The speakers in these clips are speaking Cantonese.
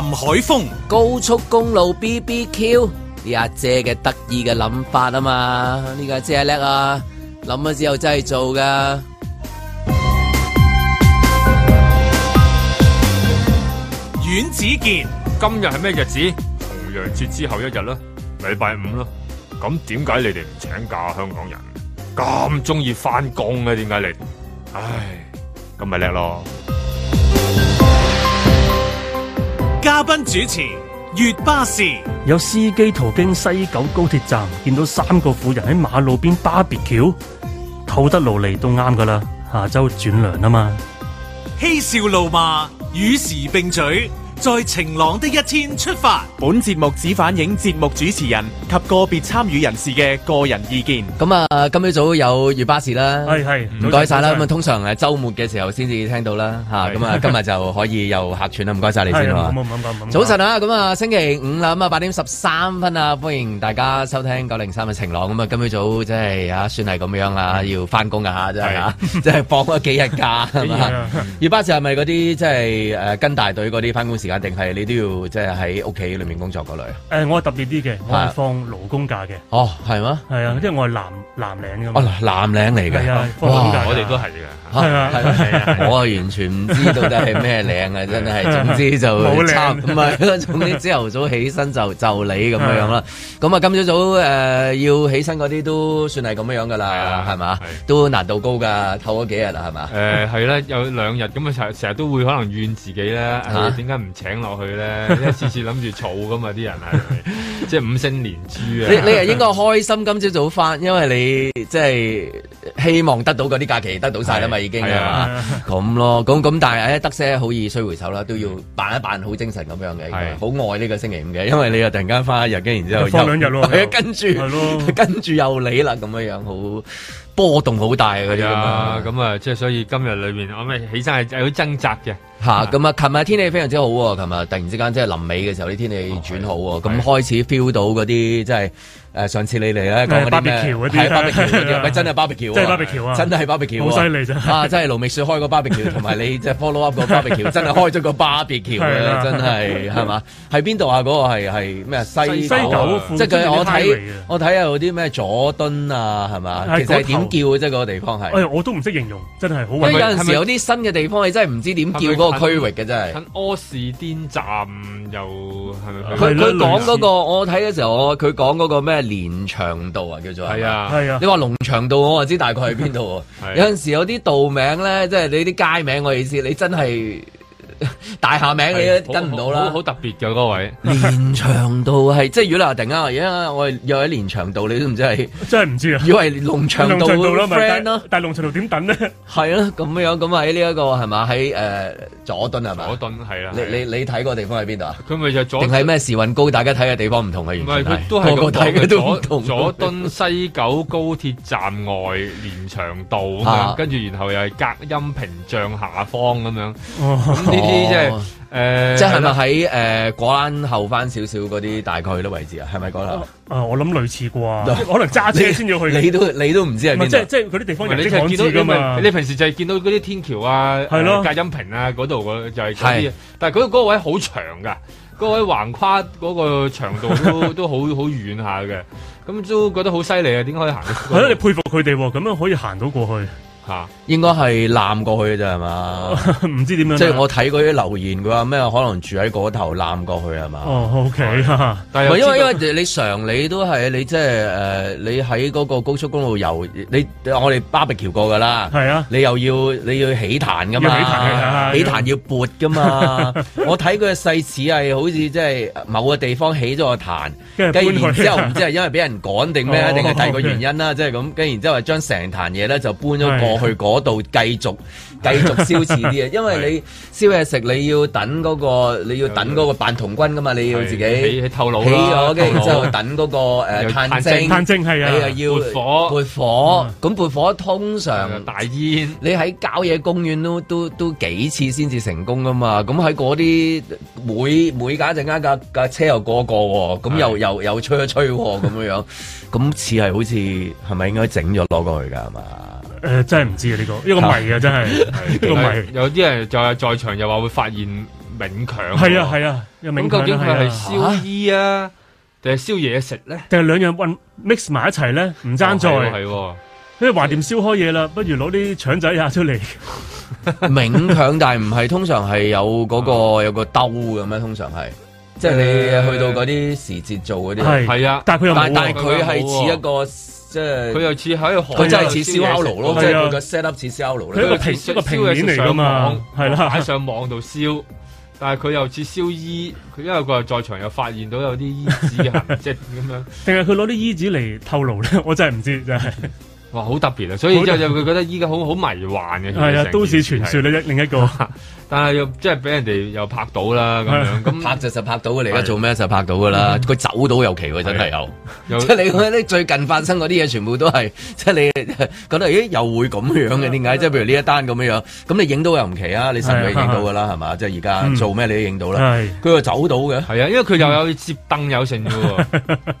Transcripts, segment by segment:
林海峰高速公路 B B Q，啲阿姐嘅得意嘅諗法啊嘛，呢個真係叻啊！諗咗之後真係做㗎。阮子健，今日係咩日子？重陽節之後一日啦，禮拜五啦。咁點解你哋唔請假？香港人咁中意返工嘅，點解、啊、你哋？唉，咁咪叻咯。嘉賓主持粵巴士，有司機途經西九高鐵站，見到三個婦人喺馬路邊巴比橋 b 透得落嚟都啱噶啦，下周轉涼啊嘛，嬉笑怒罵與時並舉。在晴朗的一天出發。本節目只反映節目主持人及個別參與人士嘅個人意見。咁啊，今朝早有粵巴士啦，係係，唔該晒啦。咁啊，通常係周末嘅時候先至聽到啦，吓，咁啊，今日就可以又客串啦，唔該晒你先啦。咁啊，早晨啊，咁啊，星期五啦，咁啊，八點十三分啊，歡迎大家收聽九零三嘅晴朗。咁啊，今朝早真係啊，算係咁樣啦，要翻工啊吓，真係啊，即係放咗幾日假啊嘛。粵巴士係咪啲即係誒跟大隊啲翻工時？定係你都要即係喺屋企裏面工作嗰類？誒，我係特別啲嘅，我係放勞工假嘅。哦，係嗎？係啊，即係我係藍，藍領嘅。哦，藍領嚟嘅。我哋都係嘅。係啊，係啊，我係完全唔知到底係咩領啊！真係，總之就差唔多，總之朝頭早起身就就你咁樣樣啦。咁啊，今朝早誒要起身嗰啲都算係咁樣樣噶啦，係嘛？都難度高噶，透咗幾日啦，係嘛？誒，係咧，有兩日咁啊，成日都會可能怨自己啦。吓，點解唔？請落去咧，一次次諗住儲㗎嘛，啲人係即係五星連珠啊你！你你係應該開心今朝早翻，因為你即係希望得到嗰啲假期得到晒啦嘛，已經係嘛？咁咯，咁咁但係，誒得些好易，衰回首啦，都要扮一扮好精神咁樣嘅，好愛呢個星期五嘅，因為你又突然間翻一日，跟然之後放兩日咯，係啊是的，跟住跟住又你啦，咁樣樣好。波動好大㗎咋，嗯、咁啊，嗯、即係所以今日裏面，我咪起身係好掙扎嘅。嚇，咁啊，琴、嗯、日、嗯、天，天氣非常之好喎，琴日突然之間即係臨尾嘅時候，啲天氣轉好喎，咁、哦啊、開始 feel 到嗰啲即係。誒上次你嚟咧講嗰啲咩？係巴別橋嗰咪真係巴別橋啊！真係巴別橋啊！真係巴別橋啊！好犀利啊，真係盧明雪開個巴別橋，同埋你 follow up 個巴別橋，真係開咗個巴別橋真係係嘛？喺邊度啊？嗰個係咩？西九，即係我睇我睇下有啲咩佐敦啊，係嘛？其實點叫嘅即係嗰個地方係？我都唔識形容，真係好。因有陣時有啲新嘅地方，你真係唔知點叫嗰個區域嘅真係。近柯士甸站又係咪？佢佢講嗰個，我睇嘅時候佢講嗰個咩？連長道啊，叫做係啊，係吧啊。你話農場道，我啊知大概喺邊度。 啊、候有陣時有啲道名咧，即係你啲街名，我意思是，你真係。 大廈名你都跟唔到啦，好特別嘅嗰位。連長道係即係如果話突然而家我哋又喺連長道，你都唔知係，真係唔知啊！以為龍長道咯，咪 friend 咯。但係龍長道點等咧？係啊，咁樣咁喺呢一個係嘛？喺誒佐敦係咪？佐敦係啊。你你睇個地方喺邊度啊？佢咪就係定係咩時運高？大家睇嘅地方唔同嘅原因，個個睇嘅都唔同。佐敦西九高鐵站外連長道跟住、啊、然後又係隔音屏障下方咁樣。 即係，誒，即係咪喺誒果欄後翻少少嗰啲大概啲位置啊？係咪嗰度？啊，我諗類似啩，可能揸車先要去。你都你都唔知係邊。即即係啲地方人迹罕至噶嘛？你平時就係見到嗰啲天橋啊，係咯，隔音屏啊，嗰度就係。但係嗰嗰位好長噶，嗰位橫跨嗰個長度都都好好遠下嘅，咁都覺得好犀利啊！點可以行？係你佩服佢哋咁樣可以行到過去。應該係攬過去嘅啫，係嘛？唔知點樣。即係我睇嗰啲留言，佢話咩可能住喺嗰頭攬過去係嘛？哦，OK 啊。唔係因為因為你常理都係你即係誒，你喺嗰個高速公路遊你我哋巴別橋過㗎啦。係啊。你又要你要起壇㗎嘛？起壇要撥㗎嘛？我睇佢嘅細似係好似即係某個地方起咗個壇，跟然之後唔知係因為俾人趕定咩，定係第二個原因啦，即係咁。跟然之後將成壇嘢咧就搬咗過去嗰度繼續繼續燒刺啲嘅，因為你燒嘢食，你要等嗰、那個，你要等嗰扮童軍噶嘛，你要自己你頭透露咗，跟、那個、露之就等嗰、那個誒又、啊、炭，炭精，炭精係啊，你又要撥火撥火，咁撥，火、嗯、撥火通常大煙，你喺郊野公園都都都幾次先至成功噶嘛？咁喺嗰啲每每架一陣間架架車又過過喎，咁又、啊、又又，又吹一吹咁 樣，咁似係好似係咪應該整咗攞過去㗎嘛？誒，真係唔知啊呢個，呢個謎啊真係，呢個謎，有啲人在在場又話會發現冥鏹，係啊係啊，又冥鏹，咁究竟佢係燒衣啊，定係燒嘢食咧？定係兩樣混 mix 埋一齊咧？唔爭在係，因為橫掂燒開嘢啦，不如攞啲腸仔呀出嚟。冥鏹，但係唔係，通常係有嗰個有個兜噉樣？通常係，即係你去到嗰啲時節做嗰啲係啊，但係佢又冇，但係佢係似一個。即係佢又似喺佢真係似燒烤爐咯，即係佢嘅 set up 似燒烤爐佢、啊、一個一個嚟噶嘛，係啦，喺上網度是、啊、燒，但係佢又似燒衣。佢因為佢又在場又發現到有啲衣紙痕跡咁樣，定係佢攞啲衣紙嚟透露咧？我真係唔知道真係。哇，好特別啊！所以之後就佢覺得依家好好迷幻嘅。係啊，都市傳説你一另一個，但係又即係俾人哋又拍到啦咁樣。咁拍就實拍到嘅你而家做咩就拍到嘅啦。佢走到又奇喎，真係有。即係你覺得最近發生嗰啲嘢，全部都係即係你覺得咦又會咁樣嘅點解？即係譬如呢一單咁樣樣，咁你影到又唔奇啊？你實未影到㗎啦，係嘛？即係而家做咩你都影到啦。佢又走到嘅係啊，因為佢又有接燈有成嘅喎，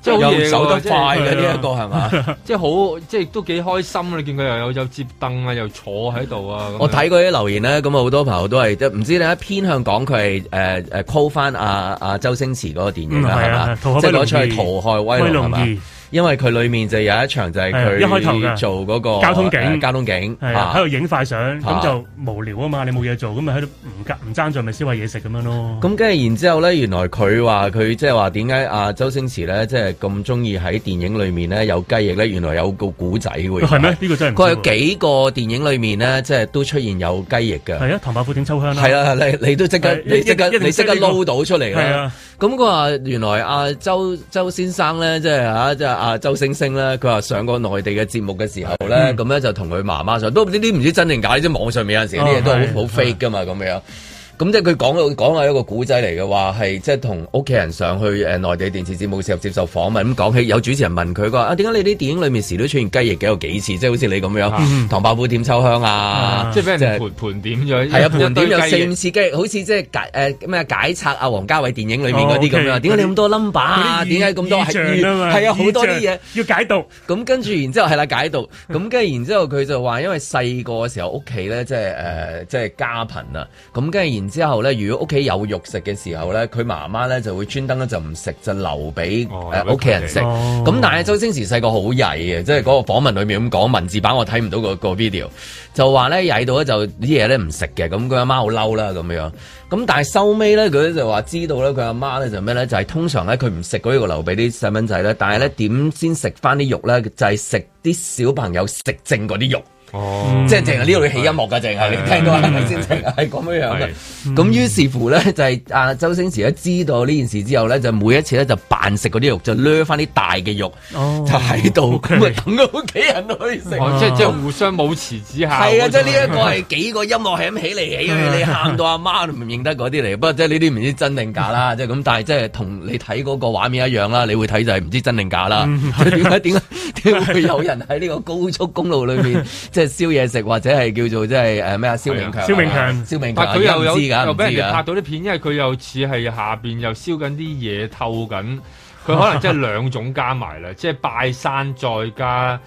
即係又走得快嘅呢一個係嘛？即係好，即係都幾。開心，你見佢又有有接凳啊，又坐喺度啊。我睇嗰啲留言咧，咁啊好多朋友都係，唔知道你偏向講佢係誒誒 call 翻阿阿周星馳嗰個電影啦，係嘛，即係攞出去逃學威龍係嘛。吧因為佢裏面就有一場就係佢一開頭做嗰個交通警，交通警喺度影快相，咁就無聊啊嘛，你冇嘢做，咁咪喺度唔夾唔爭在，咪燒下嘢食咁樣咯。咁跟住然之後咧，原來佢話佢即係話點解啊？周星馳咧即係咁中意喺電影裏面咧有雞翼咧，原來有個古仔嘅。係咩？呢個真係佢有幾個電影裏面咧，即係都出現有雞翼嘅。係啊，唐伯虎點秋香啦。係啦，你你都即刻，你即刻，你即刻撈到出嚟啊。咁佢話原來阿、啊、周周先生咧，即係吓，即係阿周星星咧，佢話上過內地嘅節目嘅時候咧，咁咧、嗯、就同佢媽媽上，都唔知啲唔知真定假，啲網上面有陣時啲嘢都、哦、好，好 fake 噶嘛，咁樣。咁即係佢講到講係一個古仔嚟嘅，話係即係同屋企人上去誒內地電視節目時候接受訪問咁講起，有主持人問佢話啊，點解你啲電影裏面時都出現雞翼幾有幾次？即係好似你咁樣《唐伯虎點秋香》啊，即係俾人盤盤點咗係啊盤點有四五次雞翼，好似即係解誒咩解拆啊王家衞電影裏面嗰啲咁樣。點解你咁多 number 啊？點解咁多係意象啊？係啊，好多啲嘢要解讀。咁跟住然之後係啦解讀。咁跟住然之後佢就話，因為細個嘅時候屋企咧，即係誒即係家貧啊。咁跟住然。之後咧，如果屋企有肉食嘅時候咧，佢媽媽咧就會專登咧就唔食，就留俾屋企人食。咁、哦、但係周星馳細、哦、個好曳嘅，即係嗰個訪問裏面咁講，文字版我睇唔到、嗰個、嗰個 video，就話咧曳到咧就啲嘢咧唔食嘅，咁佢阿媽好嬲啦咁樣。咁但係收尾咧佢就話知道咧佢阿媽咧就咩咧，就係、是、通常咧佢唔食嗰啲，留俾啲細蚊仔咧，但係咧點先食翻啲肉咧，就係食啲小朋友食、就是、剩嗰啲肉。哦，即係淨係呢度起音樂噶，淨係你聽到係咪先？淨係咁樣樣嘅。咁於是乎咧，就係阿周星馳一知道呢件事之後咧，就每一次咧就扮食嗰啲肉，就掠翻啲大嘅肉，就喺度咁啊，等到屋企人都可以食。即係即係互相扶持之下。係啊，即係呢一個係幾個音樂係咁起嚟起，你喊到阿媽都唔認得嗰啲嚟。不過即係呢啲唔知真定假啦，即係咁。但係即係同你睇嗰個畫面一樣啦，你會睇就係唔知真定假啦。即係點解點解點解會有人喺呢個高速公路裏面？即係燒嘢食或者係叫做即係誒咩啊？燒冥鏹，燒的吧冥鏹，燒冥鏹佢又有的又俾人哋拍到啲片，的因為佢又似係下邊又燒緊啲嘢，透緊，佢可能即係兩種加埋啦， 即係拜山再加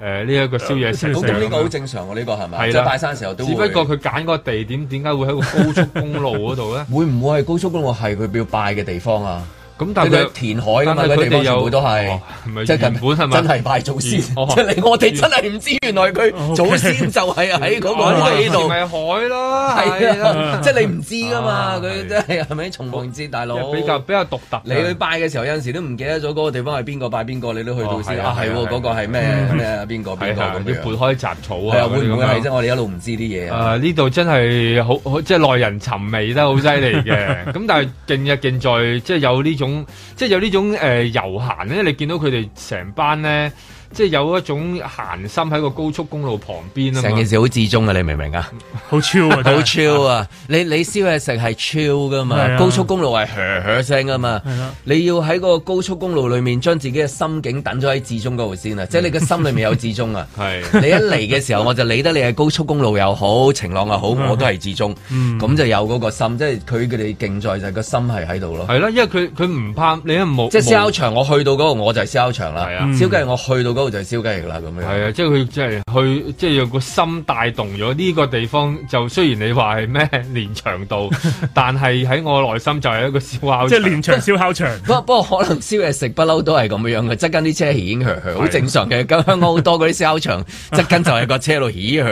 誒呢一個燒嘢食。呢個好正常啊，呢、這個係咪？即係的拜山嘅時候都會。只不過佢揀個地點，點解會喺個高速公路嗰度咧？ 會唔會係高速公路係佢要拜嘅地方啊？咁但係佢填海啊嘛，嗰啲地方全部都係，即係根本係咪真係拜祖先？即係我哋真係唔知，原來佢祖先就係喺嗰個呢度，咪海咯？係啊，即係你唔知噶嘛？佢真係係咪重陽節大佬？比較比較獨特。你去拜嘅時候，有陣時都唔記得咗嗰個地方係邊個拜邊個，你都去到先啊。係喎，嗰個係咩咩邊個邊個咁啲撥開雜草啊？係啊，會唔會係啫？我哋一路唔知啲嘢啊！呢度真係好好，即係耐人尋味得好犀利嘅。咁但係勁嘅勁在，即係有呢種。即係有呢種誒游閒咧，你見到佢哋成班咧。即係有一種閒心喺個高速公路旁邊啊！成件事好至中啊！你明唔明啊？好 chill 啊！好 chill 啊！你你燒嘢食係 chill 噶嘛？高速公路係噏噏聲啊嘛！你要喺個高速公路裏面將自己嘅心境等咗喺至中嗰度先啊！即係你嘅心裏面有至中啊！你一嚟嘅時候，我就理得你係高速公路又好，晴朗又好，我都係至中。嗯。咁就有嗰個心，即係佢佢哋競在就係個心係喺度咯。係咯，因為佢佢唔怕你係冇。即係燒烤場，我去到嗰個我就係燒烤場啦。係啊。我去到就燒雞翼啦，咁樣係啊，即係佢即係去，即係用個心帶動咗呢、這個地方就。就雖然你話係咩連長道， 但係喺我內心就係一個燒烤，即係連長燒烤場。不不過可能燒嘢食不嬲都係咁樣嘅，側跟啲車起起，好正常嘅。咁香港好多嗰啲燒烤場側跟 就係個車路，起，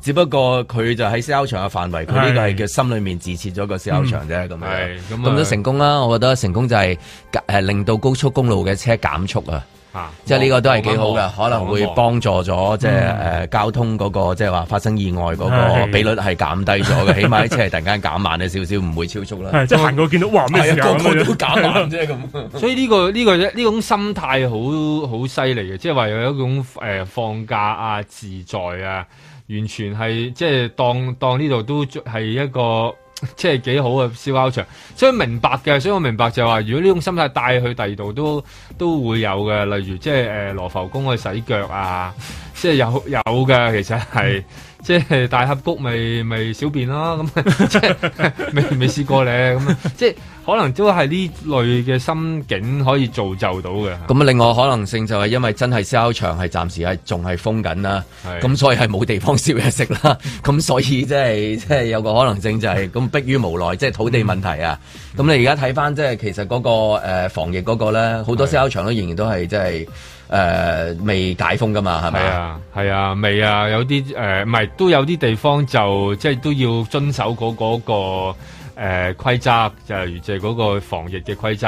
只不過佢就喺燒烤場嘅範圍，佢呢是個係叫心裏面自設咗個燒烤場啫。咁、嗯、樣咁都成功啦，我覺得成功就係誒令到高速公路嘅車減速啊。啊、即係呢個都係幾好嘅，嗯嗯嗯、可能會幫助咗即係誒交通嗰、嗰個即係話發生意外嗰個比率係減低咗嘅，的起碼啲車係突然間減慢咗 少少，唔會超速啦。即係行過見到哇咩嘢、哎，個個，個都減慢啫咁。的樣所以呢、這個呢、這個呢種心態好好犀利嘅，即係話有一種誒、呃、放假啊自在啊，完全係即係當當呢度都係一個。即係幾好嘅燒烤場，所以明白嘅，所以我明白就係話，如果呢種心態帶去第二度都都會有嘅，例如即係誒羅浮宮去洗腳啊。即係有有嘅，其實係即係大峽谷咪咪小便啦，咁即係未未試過咧，咁即係可能都係呢類嘅心境可以造就到嘅。咁啊，另外可能性就係因為真係燒烤場係暫時係仲係封緊啦，咁所以係冇地方燒嘢食啦，咁所以即係即係有個可能性就係咁迫於無奈，即係土地問題啊。咁你而家睇翻即係其實嗰個誒防疫嗰個咧，好多燒烤場都仍然都係即係。誒、呃，未解封噶嘛，係咪？係啊，係啊，未啊，有啲誒，唔、呃、係，都有啲地方就即係都要遵守嗰、那、嗰個誒規則，就、呃、係即係嗰個防疫嘅規則。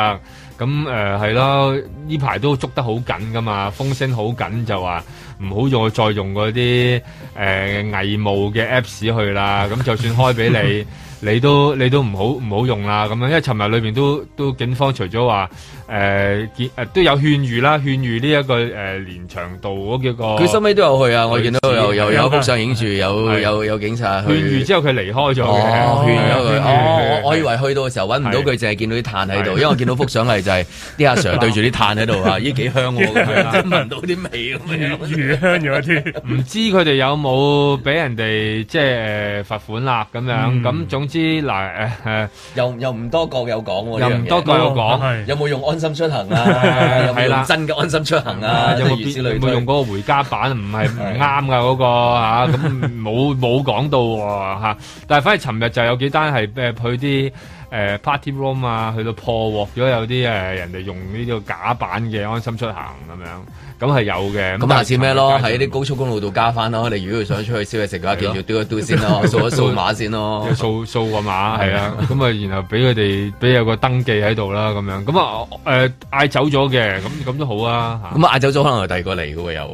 咁誒係咯，呢排都捉得好緊噶嘛，風聲好緊就話唔好用我再用嗰啲誒偽冒嘅 apps 去啦。咁就算開俾你， 你，你都你都唔好唔好用啦。咁樣，因為尋日裏邊都都警方除咗話。誒，見誒都有勸喻啦，勸喻呢一個誒連長度嗰叫個，佢收尾都有去啊！我見到有有有幅相影住，有有有警察勸喻之後，佢離開咗嘅，勸咗佢。我以為去到嘅時候搵唔到佢，淨係見到啲炭喺度，因為我見到幅相嚟，就係啲阿 Sir 對住啲炭喺度啊，咦，幾香喎，真聞到啲味咁樣，香咗添。唔知佢哋有冇俾人哋即係罰款啦？咁樣咁總之嗱誒又又唔多個有講，又唔多個有講，有冇用安心出行啊，係啦，真嘅安心出行啊。 有冇用嗰個回家版唔唔、嗰個，唔係唔啱噶嗰個吓，咁冇冇講到吓、啊？但係反而尋日就有幾單係誒去啲誒、呃、party room 啊，去到破獲咗有啲誒人哋用呢個假版嘅安心出行咁樣。咁係有嘅，咁下次咩咯？喺啲高速公路度加翻咯。 你如果想出去宵夜食嘅話，叫做是的 嘟一嘟先咯、啊， 掃一掃碼先咯、啊。 掃掃個碼，係啊，咁啊，然後俾佢哋俾有個登記喺度啦，咁樣。咁、嗯、啊，嗌、呃、走咗嘅，咁咁都好啊。咁啊嗌走咗，可能係第二個嚟嘅喎嘅。會有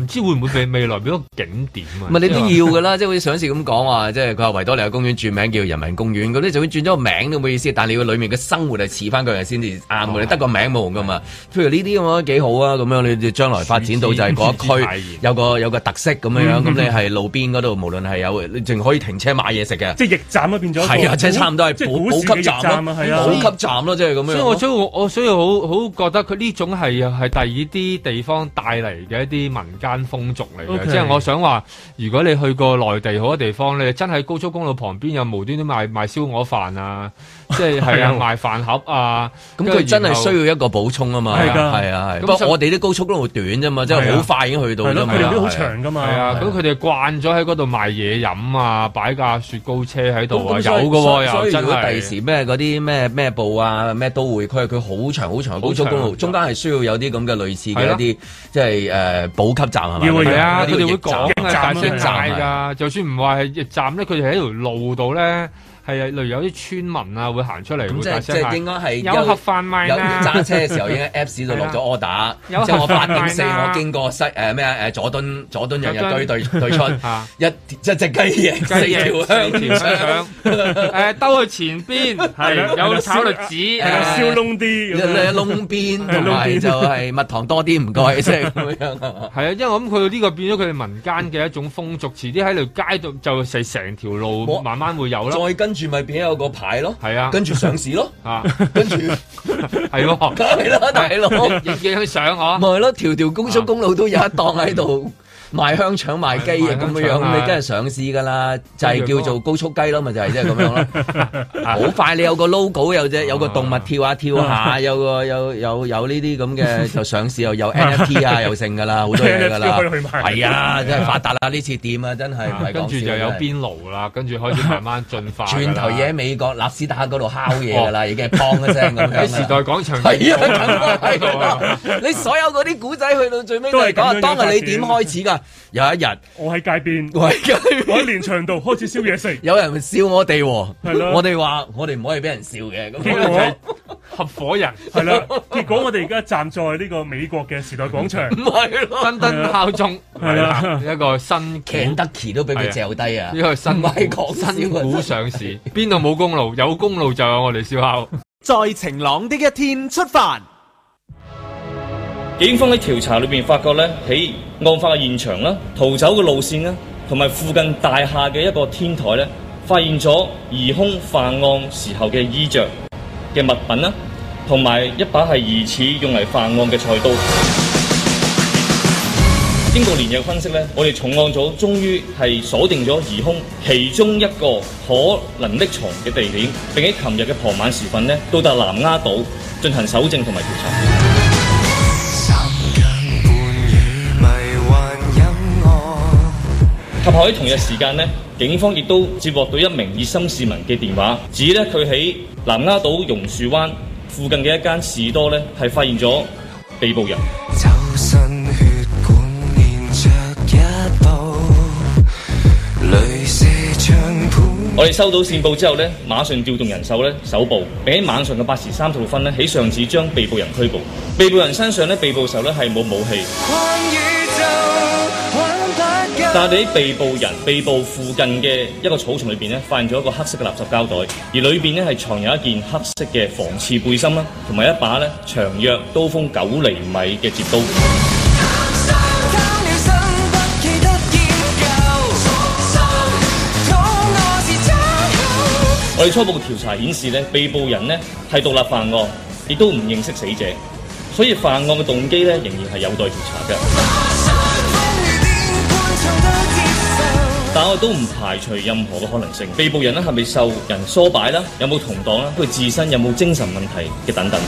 唔知會唔會未未來變個景點啊？唔係你都要嘅啦，即係好似上次咁講話，即係佢話維多利亞公園轉名叫人民公園，咁你就算轉咗個名都冇意思，但係你要裡面嘅生活係似翻佢，先至啱，你得個名冇用嘅嘛。譬如呢啲咁樣幾好啊，咁樣你將來發展到就係嗰一區有個有個特色咁樣，咁你係路邊嗰度，無論係有你淨可以停車買嘢食嘅，即係驛站啊，變咗係即係差唔多係補補給站啊，補給站咯，即係咁樣。所以我所以我所以好好覺得佢呢種係係第二啲地方帶嚟嘅一啲民間。間風俗嚟嘅。Okay. 即係我想話，如果你去過內地好多地方，你真係高速公路旁邊有無端端賣賣燒鵝飯啊！即係係啊，賣飯盒啊，咁佢真係需要一個補充啊嘛，係噶，係啊，係。不過我哋啲高速公路短啫嘛，即係好快已經去到。係咯，佢哋都好長噶嘛。係啊，咁佢哋慣咗喺嗰度賣嘢飲啊，擺架雪糕車喺度啊，有噶，又真係。所以如果第時咩嗰啲咩咩布啊咩都會區，佢好長好長嘅高速公路，中間係需要有啲咁嘅類似嘅一啲，即係誒補給站係嘛，係啊，佢哋會講大聲嗌噶，就算唔話係驛站咧，佢哋喺條路度咧。係啊，例如有啲村民啊，會行出嚟即即應該係有盒飯賣。有揸車嘅時候已經喺 Apps 度落咗 order。有盒飯賣。四我經過西誒咩啊佐敦佐敦洋人居對對出。一即一隻雞翼。雞翼。四條香。四條香。誒兜去前邊。係。有炒栗子。有燒窿啲。有窿邊。有窿邊。同埋就係蜜糖多啲，唔該先。咁樣啊。係啊， 因為咁佢呢個變咗佢哋民間嘅一種風俗，遲啲喺條街度就成成條路慢慢會有啦。再跟。跟住咪變咗有個牌咯，係是啊，跟住上市咯，啊，跟住係咯，梗係啦，大佬，亦要去上吓，唔係咯，條條高速公路都有一檔喺度。 賣香腸賣雞嘢咁嘅樣，咁你真係上市噶啦，就係、是、叫做高速雞咯，咪就係即係咁樣咯。好 快你有個 logo 有隻，有個動物跳下跳下，有個有有有呢啲咁嘅就上市，又有 NFT 啊，又剩噶啦，好多嘢噶啦。係啊，真係發達啦呢次點啊，真係。跟住就有邊爐啦，跟住開始慢慢進化。轉 頭嘢喺美國納斯達克嗰度敲嘢噶啦，已經砰一聲咁樣。 時代廣場。係啊，就是、 你所有嗰啲古仔去到最尾，都係講，當日你點開始噶。有一日，我喺街邊，我喺我喺連翔度開始燒嘢食，有人會笑我哋，係咯，我哋話我哋唔可以俾人笑嘅，咁我哋係合伙人，係咯，結果我哋而家站在呢個美國嘅時代廣場，係咯，登登敲鐘，係啦，一個新 k e n t u 都俾佢嚼低啊，因為新美國新股上市，邊度冇公路，有公路就有我哋燒烤，在晴朗的一天出發。警方在調查裏面發覺呢，喺案發現場啦、逃走嘅路線啦，同埋附近大廈嘅一個天台呢，發現咗疑凶犯案時候嘅衣着嘅物品啦，同埋一把係疑似用嚟犯案嘅菜刀。經過連日嘅分析呢，我哋重案組終於係鎖定咗疑凶其中一個可能匿藏嘅地點，並在琴日嘅傍晚時分呢，到達南丫島進行搜證同埋調查。及後喺同日時間咧，警方亦都接獲到一名熱心市民嘅電話，指咧佢喺南丫島榕樹灣附近嘅一間士多咧，係發現咗被捕人。我哋收到線報之後呢，馬上調動人手呢，搜捕，並喺晚上嘅八時三十六分呢，喺上址將被捕人拘捕。被捕人身上呢，被捕時候呢係冇武器。但係喺被捕人被捕附近嘅一個草叢裏邊咧，發現咗一個黑色嘅垃圾膠袋，而裏邊咧係藏有一件黑色嘅防刺背心啦，同埋一把咧長約刀鋒九厘米嘅折刀。我哋初步嘅調查顯示咧，被捕人呢，係獨立犯案，亦都唔認識死者，所以犯案嘅動機咧仍然係有待調查嘅。但我都唔排除任何嘅可能性。被捕人呢係咪受人唆擺啦？有冇同黨啦？佢自身有冇精神問題嘅等等。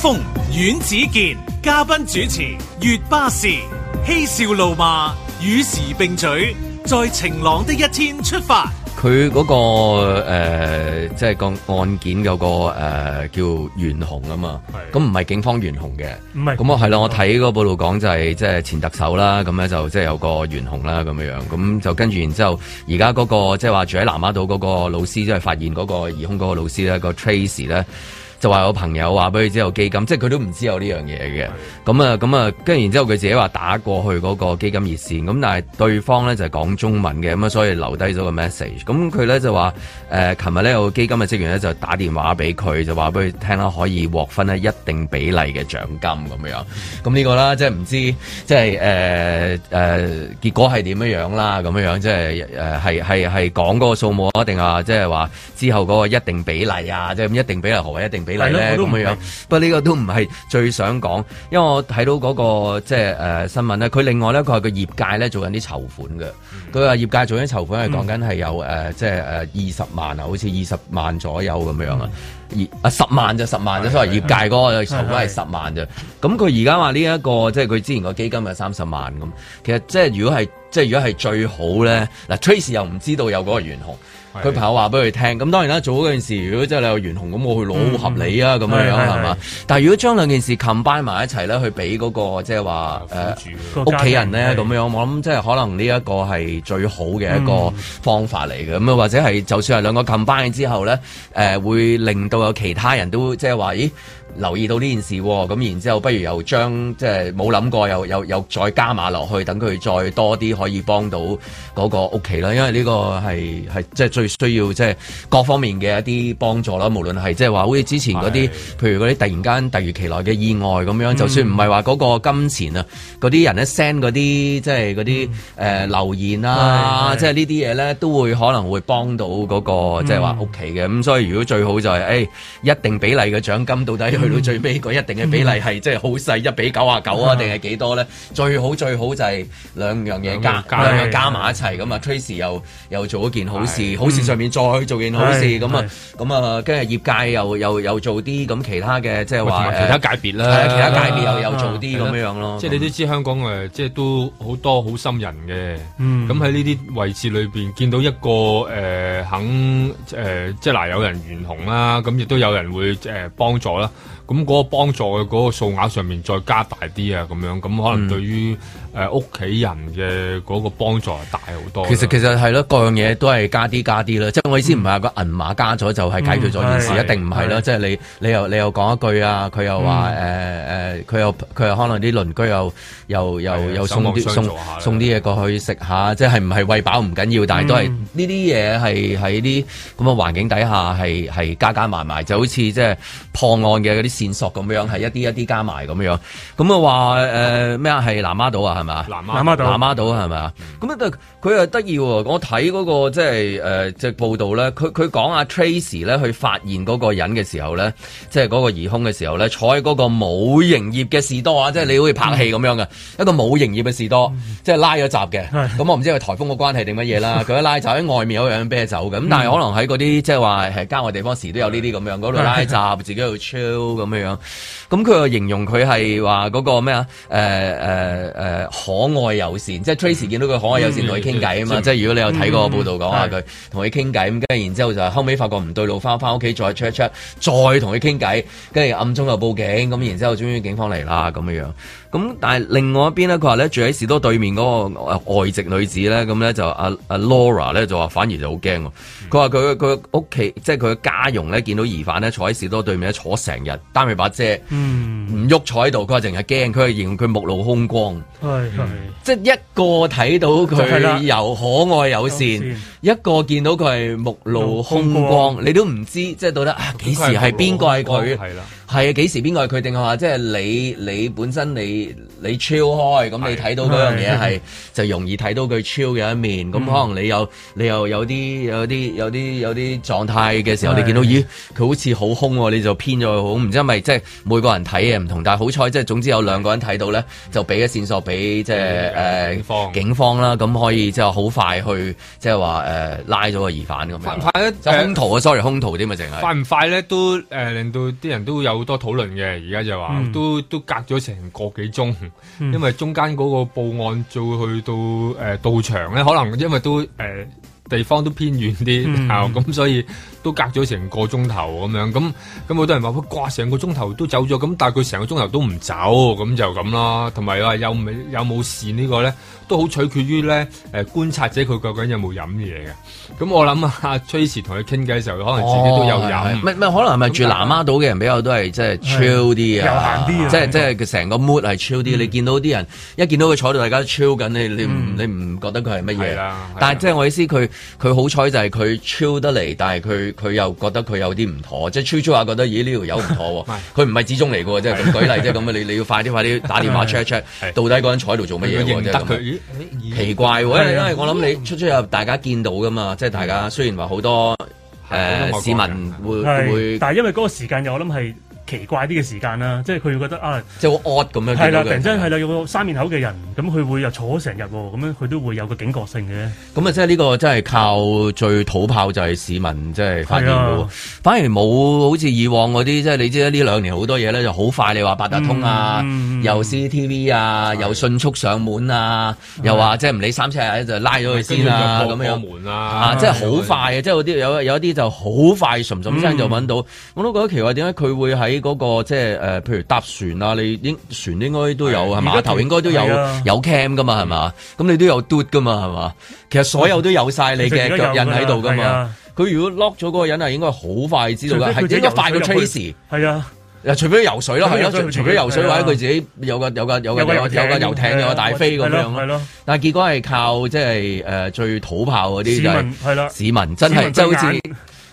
風遠子健嘉賓主持，月巴士嬉笑怒罵，與時並舉，在晴朗的一天出發。佢嗰、那個誒、呃，即係個案件有個誒、呃、叫懸紅啊嘛，咁唔係警方懸紅嘅，唔係。咁我係咯，的我睇個報道講就係即係前特首啦，咁咧就即係有個懸紅啦，咁樣樣。咁就跟就、那個、住然之後，而家嗰個即係話住喺南丫島嗰個老師，即係發現嗰個疑凶嗰個老師咧個 trace 咧。就話有朋友話俾佢知道有基金，即係佢都唔知有呢樣嘢嘅。咁啊，咁啊，跟住然之後佢自己話打過去嗰個基金熱線，咁但係對方咧就係、講中文嘅，咁啊所以留低咗個 message。咁佢咧就話誒，琴日咧有基金嘅職員咧就打電話俾佢，就話俾佢聽啦，可以獲分一定比例嘅獎金咁樣。咁呢個啦，即係唔知即係、呃呃、結果係點樣樣啦？咁樣樣即係係講嗰個數目啊，定啊即係話之後嗰個一定比例啊，即係咁一定比例何謂一定？係咯，咁樣，不過呢個都唔係最想講，因為我睇到嗰、那個即係誒新聞咧，佢另外咧佢係個業界咧做緊啲籌款嘅，佢話、嗯、業界做緊籌款係講緊係有誒即係誒二十萬啊，好似二十萬左右咁樣、嗯、啊，二啊十萬就十萬啫，所以業界嗰個籌款係十萬啫。咁佢而家話呢一個即係佢之前個基金係三十萬咁，其實即係如果係即係如果係最好咧，嗱、呃、Trace 又唔知道有嗰個懸紅。佢朋友話俾佢聽，咁當然啦，做好件事，如果真係你有緣份，咁我去攞都合理啊，咁樣樣係嘛？但係如果將兩件事 combine 埋一齊咧，去俾嗰、那個即係話誒屋企人咧咁人樣，我諗即係可能呢一個係最好嘅一個方法嚟嘅。咁啊，或者係就算係兩個 combine 之後咧，誒、呃、會令到有其他人都即係話，咦？留意到呢件事喎，咁然之後不如又將即係冇諗過又又又再加碼落去，等佢再多啲可以幫到嗰個屋企啦。因為呢個係係即係最需要即係各方面嘅一啲幫助啦。無論係即係話好似之前嗰啲，是譬如嗰啲突然間突如其來嘅意外咁樣，嗯、就算唔係話嗰個金錢、嗯呃、啊，嗰啲人咧 send 嗰啲即係嗰啲誒留言啦，即係呢啲嘢咧，都會可能會幫到嗰、那個、即係話屋企嘅。咁、嗯、所以如果最好就係、是、誒、哎、一定比例嘅獎金，到底去。到最尾個一定嘅比例係即係好細一比九啊九啊，定係幾多咧？最好最好就係兩樣嘢加加埋一齊咁啊！Tracy 又又做一件好事，好事上面再做件好事咁啊！咁啊，跟住業界又又又做啲咁其他嘅，即係話其他界別啦，其他界別又有做啲咁樣樣咯。即係你都知香港誒，即係都好多好心人嘅。咁喺呢啲位置裏邊見到一個誒肯誒，即係嗱，有人援紅啦，咁亦都有人會誒幫助啦。咁嗰個幫助嘅嗰個數額上面再加大啲啊，咁樣咁可能對於。嗯屋企人嘅嗰個幫助大好多其。其實其實係咯，各樣嘢都係加啲加啲啦。即係我意思唔係個銀碼加咗就係解決咗件事，嗯、一定唔係咯。即係你你又你又講一句啊，佢又話誒誒，佢、嗯呃、又佢又，又可能啲鄰居又又又又送啲送啲嘢過去食下，即係唔係餵飽唔緊要，嗯、但係都係呢啲嘢係喺啲咁嘅環境底下係係加加埋埋，就好似即係破案嘅嗰啲線索咁樣，係一啲一啲加埋咁樣。咁啊話咩係南丫島啊？啊，南丫島，南丫島係咪？咁啊，佢又得意喎！我睇嗰個即係誒，即係報道咧，佢佢講阿 Tracy 咧去發現嗰個人嘅時候咧，即係嗰個疑凶嘅時候咧，坐喺嗰個冇營業嘅士多啊，即係你好似拍戲咁樣嘅，一個冇營業嘅士多，即係拉咗閘嘅。咁我唔知係颱風嘅關係定乜嘢啦。佢一拉閘喺外面，有飲啤酒嘅。咁但係可能喺嗰啲即係話係郊外地方時都有呢啲咁樣，嗰度拉閘，自己喺度 chill 咁樣樣。咁佢又形容佢係話嗰個咩啊？誒誒誒。可愛友善，即係 Tracy 見到佢可愛友善同佢傾偈啊嘛，嗯、即係如果你有睇過個報道講下佢同佢傾偈咁，跟住然之後就後尾發覺唔對路，返返屋企再 check check，再同佢傾偈，跟住暗中又報警，咁然之後終於警方嚟啦咁樣樣。咁、嗯、但係另外一邊咧，佢話咧住喺士多對面嗰個外籍女子咧，咁咧就阿阿、啊啊、Laura 咧就話反而就好驚，佢話佢佢屋企即係佢嘅家傭咧、就是、見到疑犯咧坐喺士多對面坐成日擔住把遮，唔喐、嗯、坐喺度，佢話淨係驚，佢係認佢目露凶光，嗯、是是即係一個睇到佢又可愛友善，一個見到佢係目露凶光，光你都唔知即係、就是、到底啊幾時係邊個係佢。係啊，幾時邊個係佢定係話？即係你你本身你。你超開咁，你睇到嗰樣嘢係就容易睇到佢超嘅一面。咁可能你有、嗯、你又有啲有啲有啲有啲狀態嘅時候，你見到咦佢好似好空喎，你就偏咗佢好。唔知係咪即係每個人睇嘅唔同。但係好彩，即、就、係、是、總之有兩個人睇到咧，就俾咗線索俾即係誒警方警方啦，咁、嗯、可以即係好快去即係話誒拉咗個疑犯咁。快啊！就兇徒啊！sorry，兇徒添嘛，淨係啊！快唔快咧？都誒、呃、令到啲人都有好多討論嘅。而家就話、嗯、都都隔咗成個幾鐘。因為中間嗰個報案做去到誒到，呃、場咧，可能因為都誒、呃、地方都偏遠啲，咁、嗯嗯、所以都隔咗成個鐘頭咁樣。咁咁好多人話佢掛成個鐘頭都走咗，咁但係佢成個鐘頭都唔走，咁就咁啦。同埋話有未有冇事個呢個咧？都好取決於咧，誒觀察者佢究竟有冇飲嘢嘅。咁我諗啊，阿 Trace 同佢傾偈嘅時候，可能自己都有飲。可能係咪住南丫島嘅人比較都係即係 chill 啲啊，即係即係佢成個 mood 係 chill 啲。你見到啲人一見到佢坐到，大家都 chill 緊，你你唔你覺得佢係乜嘢？但係即係我意思，佢佢好彩就係佢 chill 得嚟，但係佢佢又覺得佢有啲唔妥，即係 chill chill 下覺得咦呢條友唔妥喎。佢唔係始終嚟㗎，即係舉例，即係咁你你要快啲快啲打電話 check check，到底嗰人坐喺度做乜嘢喎？奇怪，因為因為我諗你出出入大家見到噶嘛，即係大家雖然話好多誒市民會是會，但係因為嗰個時間又我諗係。奇怪啲嘅時間啦，即係佢會覺得啊，即係好 odd 咁樣。係啦，突然間係啦，有個三面口嘅人，咁佢會又坐咗成日，咁樣佢都會有個警覺性嘅。咁啊，即係呢個真係靠最土炮就係市民，即係反映。反而冇好似以往嗰啲，即係你知啦，呢兩年好多嘢咧就好快。你話八達通啊，又 CCTV 啊，又迅速上門啊，又話即係唔理三尺，就拉咗佢先啦咁樣門啊，即係好快嘅，即係嗰啲有有一啲就好快，噏噏聲就揾到。我都覺得奇怪，點解佢會喺？嗰個即係誒，譬如搭船啊，你應船應該都有，係碼頭應該都有有 cam 噶嘛，係嘛？咁你都有 do 噶嘛，係嘛？其實所有都有晒你嘅腳印喺度噶嘛。佢如果 lock 咗嗰個人啊，應該好快知道㗎，係應該快過 trace。係啊，除咗游水咯，係咯，除除咗游水或者佢自己有個有個有個有個遊艇，有個大飛咁樣咯。但係結果係靠即係誒最土炮嗰啲嘅市民，真係就好似。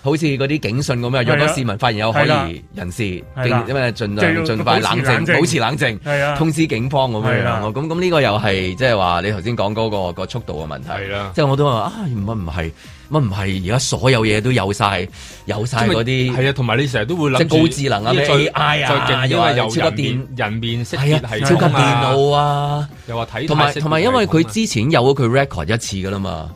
好似嗰啲警訊咁樣，若果市民發現有可疑人士，咁啊盡量儘快冷靜，保持冷靜，通知警方咁樣咯。咁咁呢個又係即係話你頭先講嗰個個速度嘅問題。即係我都話啊，乜唔係，乜唔係，而家所有嘢都有晒，有晒嗰啲。係啊，同埋你成日都會諗高智能啊，AI 啊，最勁，因為又超級電人面識別係超級電腦啊，又話睇。同埋同埋，因為佢之前有咗佢 record 一次㗎啦嘛。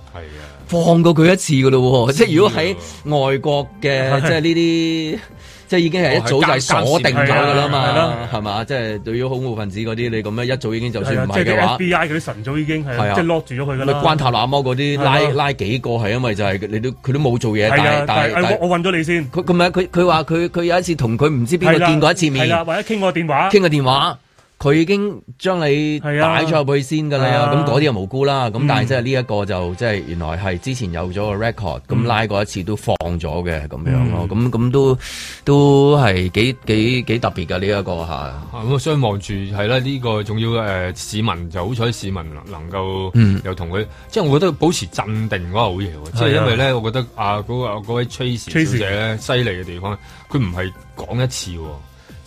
放過佢一次噶咯喎，即係如果喺外國嘅，即係呢啲，即係已經係一早就係鎖定咗噶啦嘛，係嘛，即係對於恐怖分子嗰啲，你咁樣一早已經就算唔係嘅話，FBI 嗰啲神早已經係即係 lock 住咗佢噶啦。關塔那摩嗰啲拉拉幾個係因為就係你都佢都冇做嘢，但係但係我我搵咗你先，佢佢咪佢佢話佢佢有一次同佢唔知邊個見過一次面，或者傾過電話傾過電話。佢已經將你擺咗入去先噶啦，咁嗰啲就無辜啦。咁、嗯、但係真係呢一個就即係原來係之前有咗個 record，咁、嗯、拉過一次都放咗嘅咁樣咯。咁咁、嗯、都都係幾幾幾特別㗎。呢一個吓，咁我相望住係啦，呢、啊呢個重要誒、呃、市民就好彩，市民能夠夠又同佢，嗯、即係我覺得保持鎮定嗰個好嘢喎。即係、啊、因為咧，啊、我覺得啊嗰嗰、嗰個、位崔小姐犀利嘅地方，佢唔係講一次。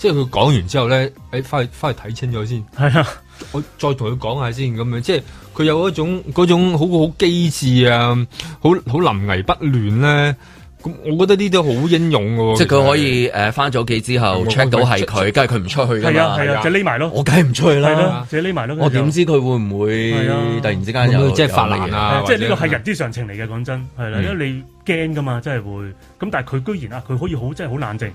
即係佢講完之後咧，誒，翻去翻去睇清咗先。係啊，我再同佢講下先，咁樣，即係佢有一種嗰種好好機智啊，好好臨危不亂咧。咁，我覺得呢啲好英勇嘅。即係佢可以誒，翻咗屋企之後 check 到係佢，梗係佢唔出去。係啊係啊，就匿埋咯。我梗係唔出去啦，就匿埋咯。我點知佢會唔會突然之間即係發難啊？即係呢個係人之常情嚟嘅，講真係啦，因為你驚噶嘛，真係會。咁但係佢居然啊，佢可以好真係好冷靜。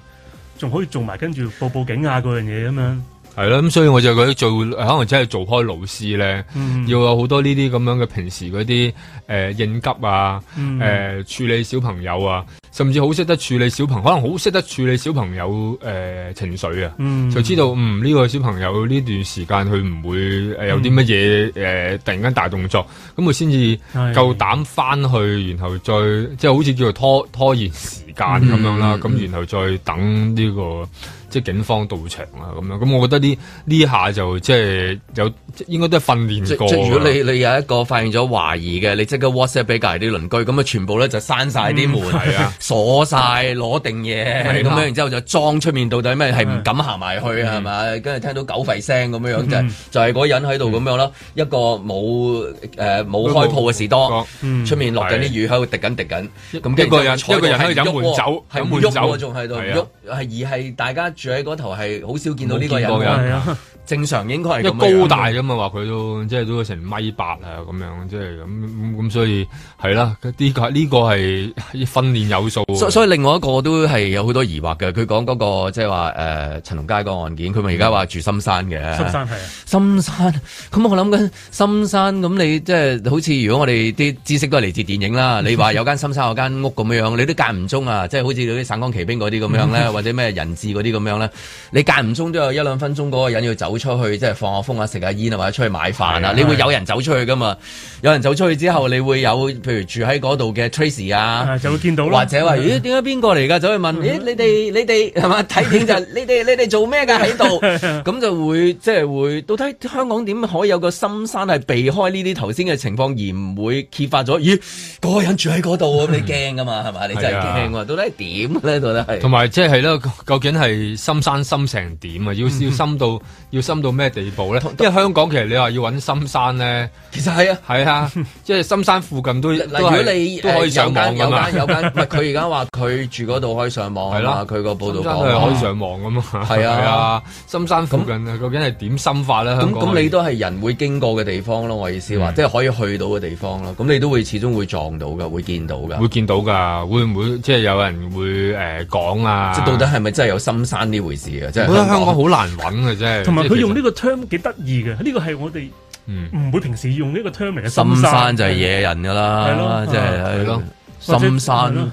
仲可以做埋跟住報報警啊嗰樣嘢咁樣。係咯，咁所以我就覺得做，可能真係做開老師咧，嗯、要有好多呢啲咁樣嘅平時嗰啲誒應急啊，誒、嗯呃、處理小朋友啊，甚至好識得處理小朋，可能好識得處理小朋友誒、呃、情緒啊，嗯、就知道嗯呢、呢個小朋友呢段時間佢唔會誒、呃、有啲乜嘢誒突然間大動作，咁佢先至夠膽翻去，然後再，的然後再即係好似叫做拖拖延時間咁樣啦，咁、嗯、然後再等呢、呢個。即係警方到場啊，咁樣咁，我覺得呢下就即係有應該都係訓練過。即如果你你有一個發現咗懷疑嘅，你即刻 WhatsApp 俾隔離啲鄰居，咁啊全部咧就閂晒啲門，係啊，鎖晒攞定嘢，咁樣然之後就裝出面到底咩係唔敢行埋去係咪？跟住聽到狗吠聲咁樣樣就係嗰人喺度咁樣咯。一個冇誒冇開鋪嘅士多，出面落緊啲雨喺度滴緊滴緊，咁一個人一個人喺度飲酒，係喐仲喺度喐，而係大家。住喺嗰頭係好少見到呢個人，係啊。正常應該係高大咁啊，話佢都即係都成米八啊，咁樣即係咁咁，所以係啦。啲個呢個係訓練有素。所以，另外一個都係有好多疑惑嘅。佢講嗰、那個即係話誒陳同佳個案件，佢咪而家話住深山嘅。深山係啊，深山。咁我諗緊深山咁，我深山你即係、就是、好似如果我哋啲知識都係嚟自電影啦。你話有間深山 有間屋咁樣，你都間唔中啊！即、就、係、是、好似嗰啲省港旗兵嗰啲咁樣咧， 或者咩人質嗰啲咁樣咧，你間唔中都有一兩分鐘嗰個人要走。出去即係放下風啊，食下煙啊，或者出去買飯啊，你會有人走出去噶嘛？有人走出去之後，你會有譬如住喺嗰度嘅 Tracy 啊，就會見到咯。或者話咦，點解邊個嚟？噶走去問咦，你哋你哋係嘛？睇見就你哋你哋做咩噶喺度？咁就會即係會到底香港點可以有個深山係避開呢啲頭先嘅情況，而唔會揭發咗？咦，嗰個人住喺嗰度咁，你驚噶嘛？係嘛？你真係驚啊！到底係點咧？到底係同埋即係咧？究竟係深山深成點啊？要要深到要深到咩地步咧？因為香港其實你話要揾深山咧，其實係啊，係啊，即係深山附近都，如果你都可以上網，誒有間有間，唔係佢而家話佢住嗰度可以上網，係啦，佢個報導講可以上網咁啊，係啊，深山附近究竟係點深化咧？咁咁你都係人會經過嘅地方咯，我意思話，即係可以去到嘅地方咯。咁你都會始終會撞到㗎，會見到㗎。會見到㗎，會唔會即係有人會誒講啊？即到底係咪真係有深山呢回事啊？即係覺得香港好難揾嘅啫，同用呢個 term 幾得意嘅，呢個係我哋唔會平時用呢個 term 嚟嘅。深山就係野人噶啦，即係係咯，深山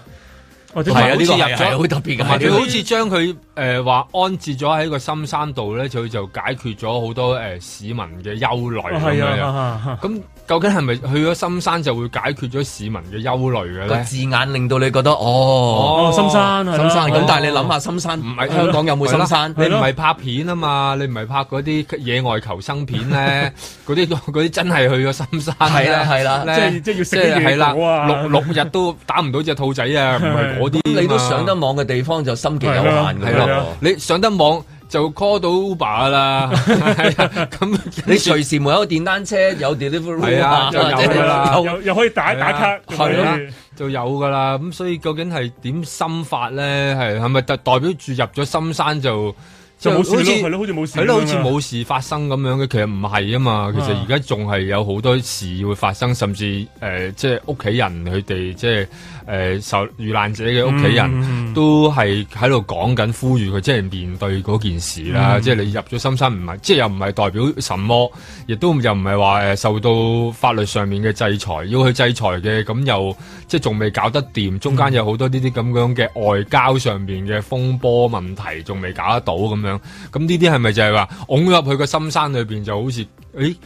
或者好似入咗好特別嘅，佢好似將佢誒話安置咗喺個深山度咧，就就解決咗好多誒市民嘅憂慮咁啊，咁究竟係咪去咗深山就會解決咗市民嘅憂慮嘅咧？個字眼令到你覺得哦，深山啊，深山，咁但係你諗下，深山唔係香港有冇深山？你唔係拍片啊嘛？你唔係拍嗰啲野外求生片咧？嗰啲嗰啲真係去咗深山。係啦，係啦，即係即係要食啲嘢，係啦，六六日都打唔到隻兔仔啊！唔係嗰啲，你都上得網嘅地方就深極有限嘅啦。你上得網。就 call 到 Uber 啦，係啊，咁你隨時冇有電單車，有 delivery、er, 啊，就、啊、對有啦，有又可以打、啊、打卡，係啦，就有噶啦。咁所以究竟係點心法咧？係咪就代表住入咗深山就就冇事好似冇事，咯，好似冇事，事發生咁樣嘅。其實唔係啊嘛。其實而家仲係有好多事會發生，甚至、呃、即係屋企人佢哋即係。誒、呃、受遇難者嘅屋企人、嗯嗯嗯、都係喺度講緊，呼籲佢即係面對嗰件事啦。嗯、即係你入咗深山，唔係即係又唔係代表什麼，亦都又唔係話受到法律上面嘅制裁，要去制裁嘅。咁又即係仲未搞得掂，中間有好多呢啲咁樣嘅外交上面嘅風波問題，仲未搞得到咁樣。咁呢啲係咪就係話㧬入去個深山裏面就好似誒？咦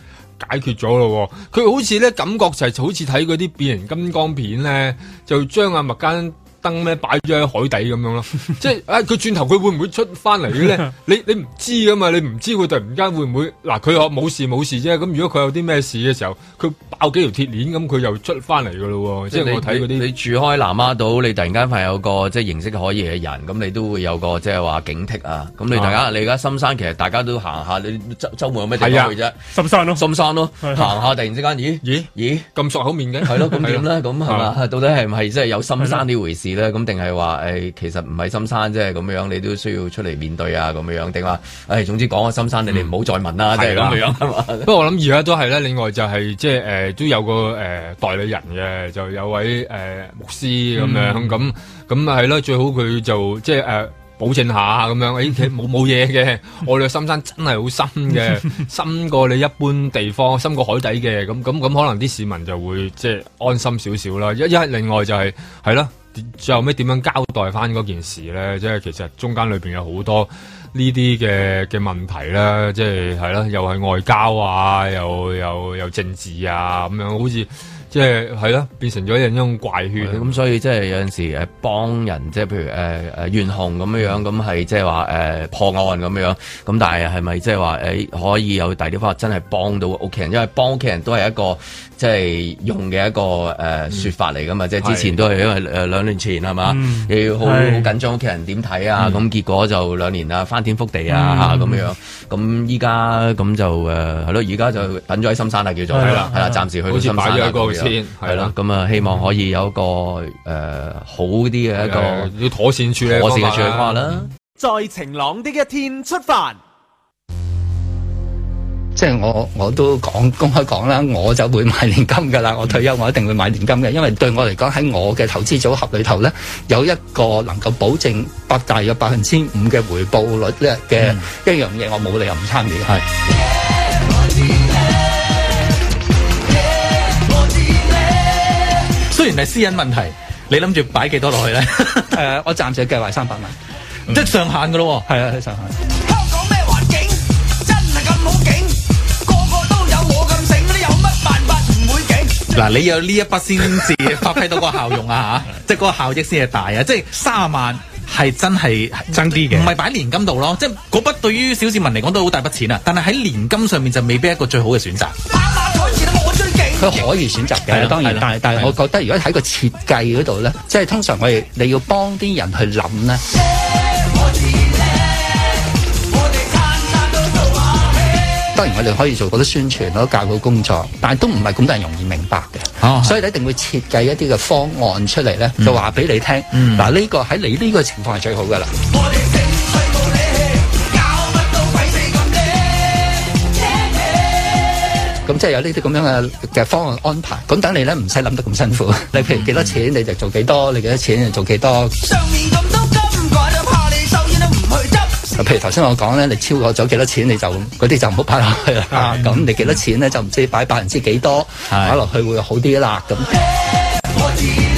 解決咗咯喎！佢好似咧感覺就係、是、好似睇嗰啲變形金剛片咧，就將阿、啊、麥間。燈咧擺咗喺海底咁樣咯，即係啊佢轉頭佢會唔會出翻嚟嘅咧？你你唔知噶嘛，你唔知佢突然間會唔會嗱，佢話冇事冇事啫。咁如果佢有啲咩事嘅時候，佢爆幾條鐵鏈咁，佢又出翻嚟噶咯。即係我睇啲，你住開南丫島，你突然間發現有個即係、就是、形式可疑嘅人，咁你都會有個即係話警惕啊。咁你大家、啊、你而家深山其實大家都行下，你周周末有咩地方去啫、啊？深山咯，深山咯，啊、行下突然之間，咦咦咦咁熟口面嘅，係咯、啊，咁點咧？咁係嘛？到底係唔係即係有深山呢回事？咁定係話誒，其實唔係深山，即係咁樣你都需要出嚟面對啊，咁樣定話誒，總之講下深山，你哋唔好再問啦，即係咁樣。不過我諗而家都係咧，另外就係即係誒，都有個誒、呃、代理人嘅，就有位誒、呃、牧師咁、嗯、樣咁咁係咯，最好佢就即係誒保證下咁樣，誒冇冇嘢嘅， 我哋嘅深山真係好深嘅， 深過你一般地方，深過海底嘅，咁咁咁可能啲市民就會即係安心少少啦。一一另外就係係啦。最後尾點樣交代翻嗰件事咧？即係其實中間裏邊有好多呢啲嘅嘅問題啦，即係係啦，又係外交啊，又又又政治啊，咁樣好似。即係係咯，變成咗一樣一種怪圈咁，所以即係有陣時誒幫人，即係譬如誒誒援紅咁樣樣，咁係即係話誒破案咁樣咁，但係係咪即係話誒可以有第啲方法真係幫到屋企人，因為幫屋企人都係一個即係用嘅一個誒說法嚟噶嘛。即係之前都係因為誒兩年前係嘛，你好好緊張屋企人點睇啊！咁結果就兩年啊，翻天覆地啊嚇咁樣咁依家咁就誒係咯，而家就等咗喺深山啦，叫做係啦，係啦，暫時去好似擺咗一個。係啦，咁千了啊，希望可以有一個誒、呃、好啲嘅一個、啊、要妥善處理，妥善處理啦。嗯、在晴朗的一天出發，即係我我都講公開講啦，我就會買年金噶啦。我退休我一定會買年金嘅，嗯、因為對我嚟講喺我嘅投資組合裏頭咧，有一個能夠保證八大約百分之五嘅回報率咧嘅、嗯、一樣嘢，我冇理由唔參與嘅。雖然係私隱問題，你諗住擺幾多落去咧？係 啊，我暫時計劃三百萬，嗯、即上限嘅咯。係啊，係上限。香港咩環境？真係咁好景，個個都有我咁醒，你有乜辦法唔會景？嗱，你有呢一筆先至發揮到個效用 啊，吓，即係嗰個效益先係大啊，即係三廿萬係真係爭啲嘅，唔係擺年金度咯。即係嗰筆對於小市民嚟講都好大筆錢啊，但係喺年金上面就未必係一個最好嘅選擇。 佢可以選擇嘅，係啦，當然。但係但係，的我覺得如果喺個設計嗰度咧，即係通常我哋你要幫啲人去諗咧。 當然我哋可以做好多宣傳咯，教育工作，但係都唔係咁多人容易明白嘅。哦、的所以你一定會設計一啲嘅方案出嚟咧，嗯、就話俾你聽。嗱呢、嗯呢個喺你呢個情況係最好噶啦。咁即係有呢啲咁樣嘅嘅方案安排，咁等你咧唔使諗得咁辛苦。嗯嗯 你譬如幾多錢你就做幾多，你幾多錢就做幾多。上面咁多金，怕你收煙都唔去執。譬如頭先我講咧，你超過咗幾多錢你就嗰啲就唔好擺落去啦。咁的、啊、你幾多錢咧就唔知擺百分之幾多擺落的去會好啲啦。咁。欸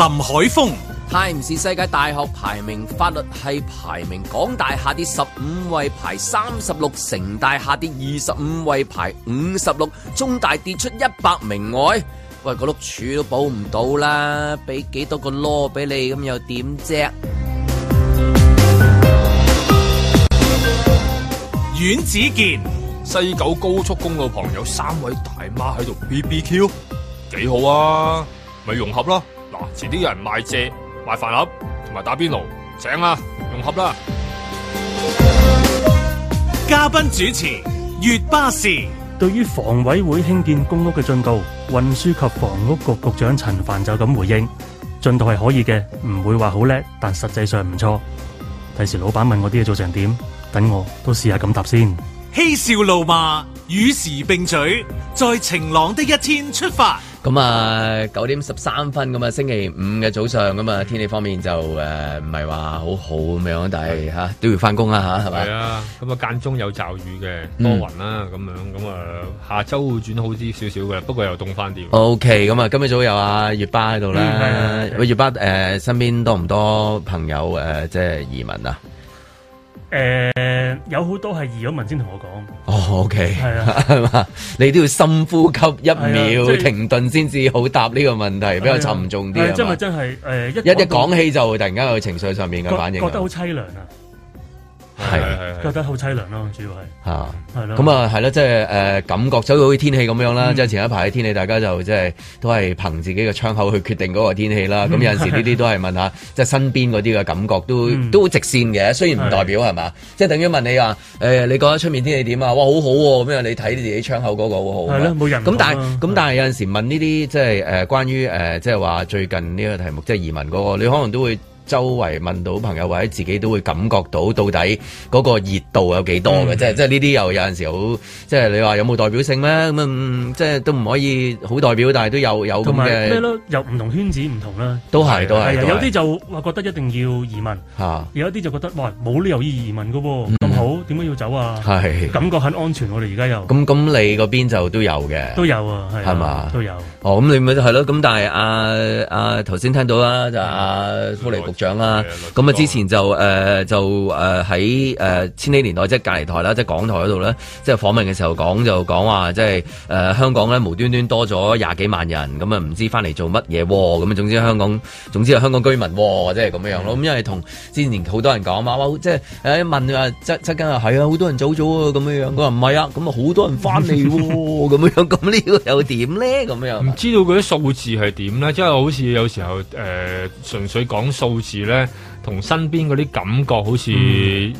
林海峰，泰晤士世界大學排名法律系排名港大下跌十五位排三十六，城大下跌二十五位排五十六，56, 中大跌出一百名外，喂，嗰個碌柱都補唔到啦，俾幾多個囉俾你咁又點啫？阮子健，西九高速公路旁有三位大媽喺度 BBQ，幾好啊，咪融合囉。遲啲、啊、有人賣借、賣飯盒同埋打邊爐，請啊，融合啦。嘉賓主持：月巴氏。對於房委會興建公屋嘅進度，運輸及房屋局局,局長陳帆就咁回應：進度係可以嘅，唔會話好叻，但實際上唔錯。第時老闆問我啲嘢做成點，等我都試下咁答先。嬉笑怒罵，與時並舉，在晴朗的一天出發。咁啊，九點十三分咁啊，星期五嘅早上咁啊，天氣方面就誒唔係話好好咁樣，但係吓都要返工啦吓，係咪啊？咁啊間中有驟雨嘅，多雲啦咁樣，咁啊下周會轉好啲少少嘅，不過又凍返啲。OK，咁啊今日早有啊，月巴喺度啦。喂，月巴誒、呃，身邊多唔多朋友誒、呃，即係移民啊？誒、呃、有好多係移咗文先同我講，哦、oh,，OK，係啊，係嘛？你都要深呼吸一秒、啊就是、停頓先至好答呢個問題，啊、比較沉重啲啊。吧真係真係、呃、一一講起就會突然間有情緒上面嘅反應覺，覺得好凄涼啊！係，覺得好淒涼咯、啊，主要係吓，係咯是，咁啊的，係咯的，即係誒，感覺，所以好似天氣咁樣啦，即係、嗯、前一排嘅天氣，大家就即係都係憑自己嘅窗口去決定嗰個天氣啦。咁有陣時呢啲都係問一下，即係、嗯、身邊嗰啲嘅感覺都，都都好直線嘅，雖然唔代表係嘛的的，即係等於問你話，誒、哎，你覺得出面天氣點啊？哇，好好喎、啊，咁樣你睇自己窗口嗰個好好、啊、冇人、啊。咁但係，咁但係有陣時候問呢啲，即係誒，關於誒，即係話最近呢個題目，即、就、係、是、移民嗰、那個，你可能都會。周圍問到朋友或者自己都會感覺到到底嗰個熱度有幾多嘅、嗯，即係即係呢啲又有陣時好，即係你話有冇代表性咧咁、嗯、即係都唔可以好代表，但係都有有咁嘅。咩咯？有唔同圈子唔同啦，都係都係有啲就覺覺得一定要移民，嚇、啊；有啲就覺得喂，冇理由要移民嘅喎。嗯、那個好，點解要走啊？係是感覺很安全，我哋而家又咁咁，咁你嗰邊就都有嘅，都有啊，係嘛、啊？吧都有。哦，咁你咪係咯。咁但係阿啊頭先、啊、聽到啦，就阿、是、福、啊啊、利局長啦。咁政啊，之前就誒、呃、就誒喺誒千禧年代即係、就是、隔離台啦，即、就、係、是、港台嗰度咧，即、就、係、是、訪問嘅時候講就講話，即係誒香港咧無端端多咗廿幾萬人，咁啊唔知翻嚟做乜嘢咁啊。哦、總之香港，嗯、總之係香港居民，即係咁樣樣咯。咁、嗯、因為同之前好多人講嘛，即係問即、啊。啊，係啊，好多人走咗啊，咁樣樣。我話唔係啊，咁啊好多人翻嚟、啊，咁樣樣。咁呢個又點咧？咁樣，唔 知道嗰啲數字係點咧？即、就、係、是、好似有時候誒，純、呃、粹講數字咧。同身邊嗰啲感覺好似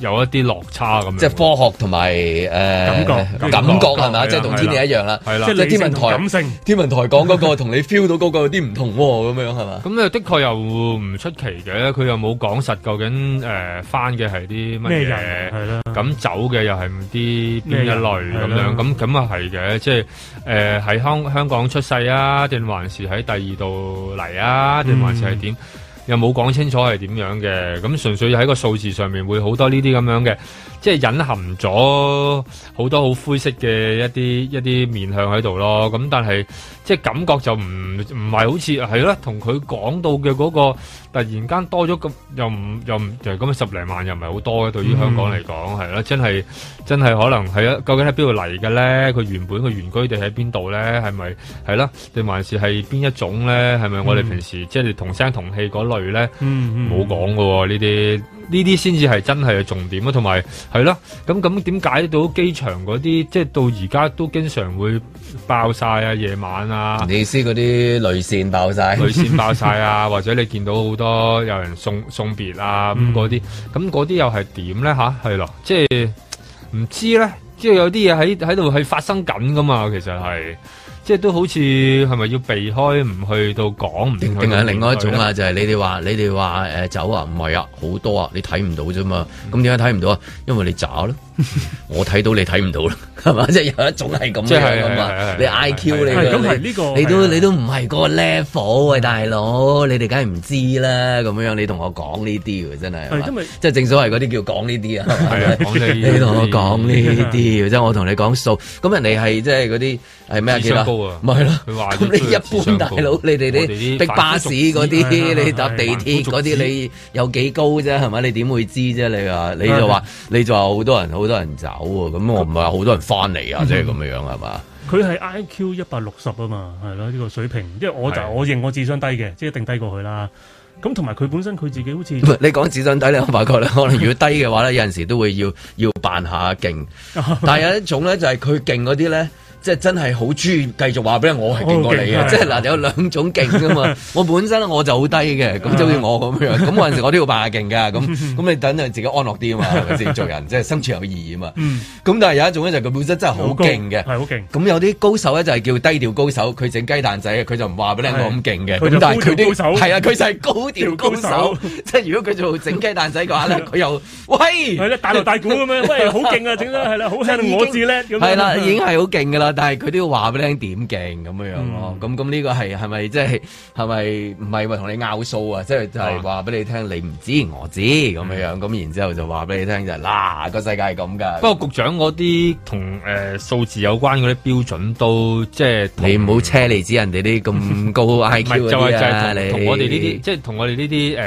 有一啲落差咁樣，的的即係科學同埋誒感覺感覺，係咪？即係同天氣一樣啦，即係天文台。感性天文台講嗰個同你 feel 到嗰個有啲唔同咁樣係嘛？咁咧，的確又唔出奇嘅。佢又冇講實究竟誒翻嘅係啲乜嘢，咁走嘅又係啲邊一類咁樣？咁咁啊係嘅，即係喺香香港出世啊，定還是喺第二度嚟啊？定還是係點？嗯又冇講清楚係點樣嘅，咁純粹喺個數字上面會好多呢啲咁樣嘅，即係隱含咗好多好灰色嘅一啲一啲面向喺度囉，咁但係。即係感覺就唔唔係好似係咯，同佢講到嘅嗰個突然間多咗咁，又唔又唔就係咁啊十零萬又唔係好多嘅，對於香港嚟講係咯，真係真係可能係啊？究竟喺邊度嚟嘅咧？佢原本嘅原居地喺邊度咧？係咪係咯？定還是係邊一種咧？係咪我哋平時即係同聲同氣嗰類咧？嗯，冇講嘅喎呢啲。呢啲先至係真係嘅重點啊，同埋係咯，咁咁點解到機場嗰啲，即係到而家都經常會爆晒啊，夜晚啊，你意思嗰啲雷線爆晒？雷線爆晒啊， 或者你見到好多有人送送別啊咁嗰啲，咁嗰啲又係點咧吓？係、啊、咯，即係唔知咧，即係有啲嘢喺喺度係發生緊噶嘛，其實係。即係都好似係咪要避開唔去到，講唔定係另外一種啊？就係你哋話，你哋話誒走啊？唔係啊，好多啊，你睇唔到啫嘛？咁點解睇唔到啊？因為你渣咯，我睇到你睇唔到啦，係嘛？即係有一種係咁樣噶嘛？你 I Q 你咁係呢個，你都你都唔係個 level 啊大佬，你哋梗係唔知啦咁樣，你同我講呢啲嘅，真係，即係正所謂嗰啲叫講呢啲啊。你同我講呢啲，即係我同你講數。咁人哋係即係嗰啲係咩唔係咯，咁你一般大佬，你哋啲逼巴士嗰啲，你搭地鐵嗰啲，你有幾高啫、啊？係咪？你點會知啫、啊？你是的 你就話你就話好多人好多人走喎、啊，咁我唔係話好多人翻嚟啊，即係咁樣樣係嘛？佢係 I Q 一百六十啊嘛，係咯呢個水平，因為我就是的 我認我智商低嘅，即係一定低過佢啦。咁同埋佢本身佢自己好似，你講智商低你發覺咧，可能如果低嘅話咧， 有時都會要要扮下勁，但係有一種咧就係佢勁嗰啲咧。即係真係好專，繼續話俾我係勁過你嘅。即係嗱，有兩種勁噶嘛。我本身我就好低嘅，咁就好似我咁樣。咁嗰陣時我都要扮下勁噶。咁咁你等啊自己安樂啲啊嘛，係咪先？做人即係生存有意義嘛。咁但係有一種咧就佢本身真係好勁嘅，好勁。咁有啲高手咧就係叫低調高手，佢整雞蛋仔佢就唔話俾你我咁勁嘅。但係佢啲係啊，佢就係高調高手。即係如果佢做整雞蛋仔嘅話咧，佢又喂大鑼大鼓咁樣，喂好勁啊，整得係啦，好我自叻咁係啦，已經係好勁噶啦。但係佢都要話俾你聽點勁咁樣、嗯、樣咯，咁咁呢個係係咪即係係咪唔係話同你拗數啊？即係就係話俾你聽，啊、你唔知我知咁樣、嗯、樣，咁然之後就話俾你聽就嗱、是、個、啊、世界係咁噶不過局長嗰啲同誒數字有關嗰啲標準都即係你唔好車嚟指人哋啲咁高 IQ 是啊。同你我哋呢啲，即係同我哋呢啲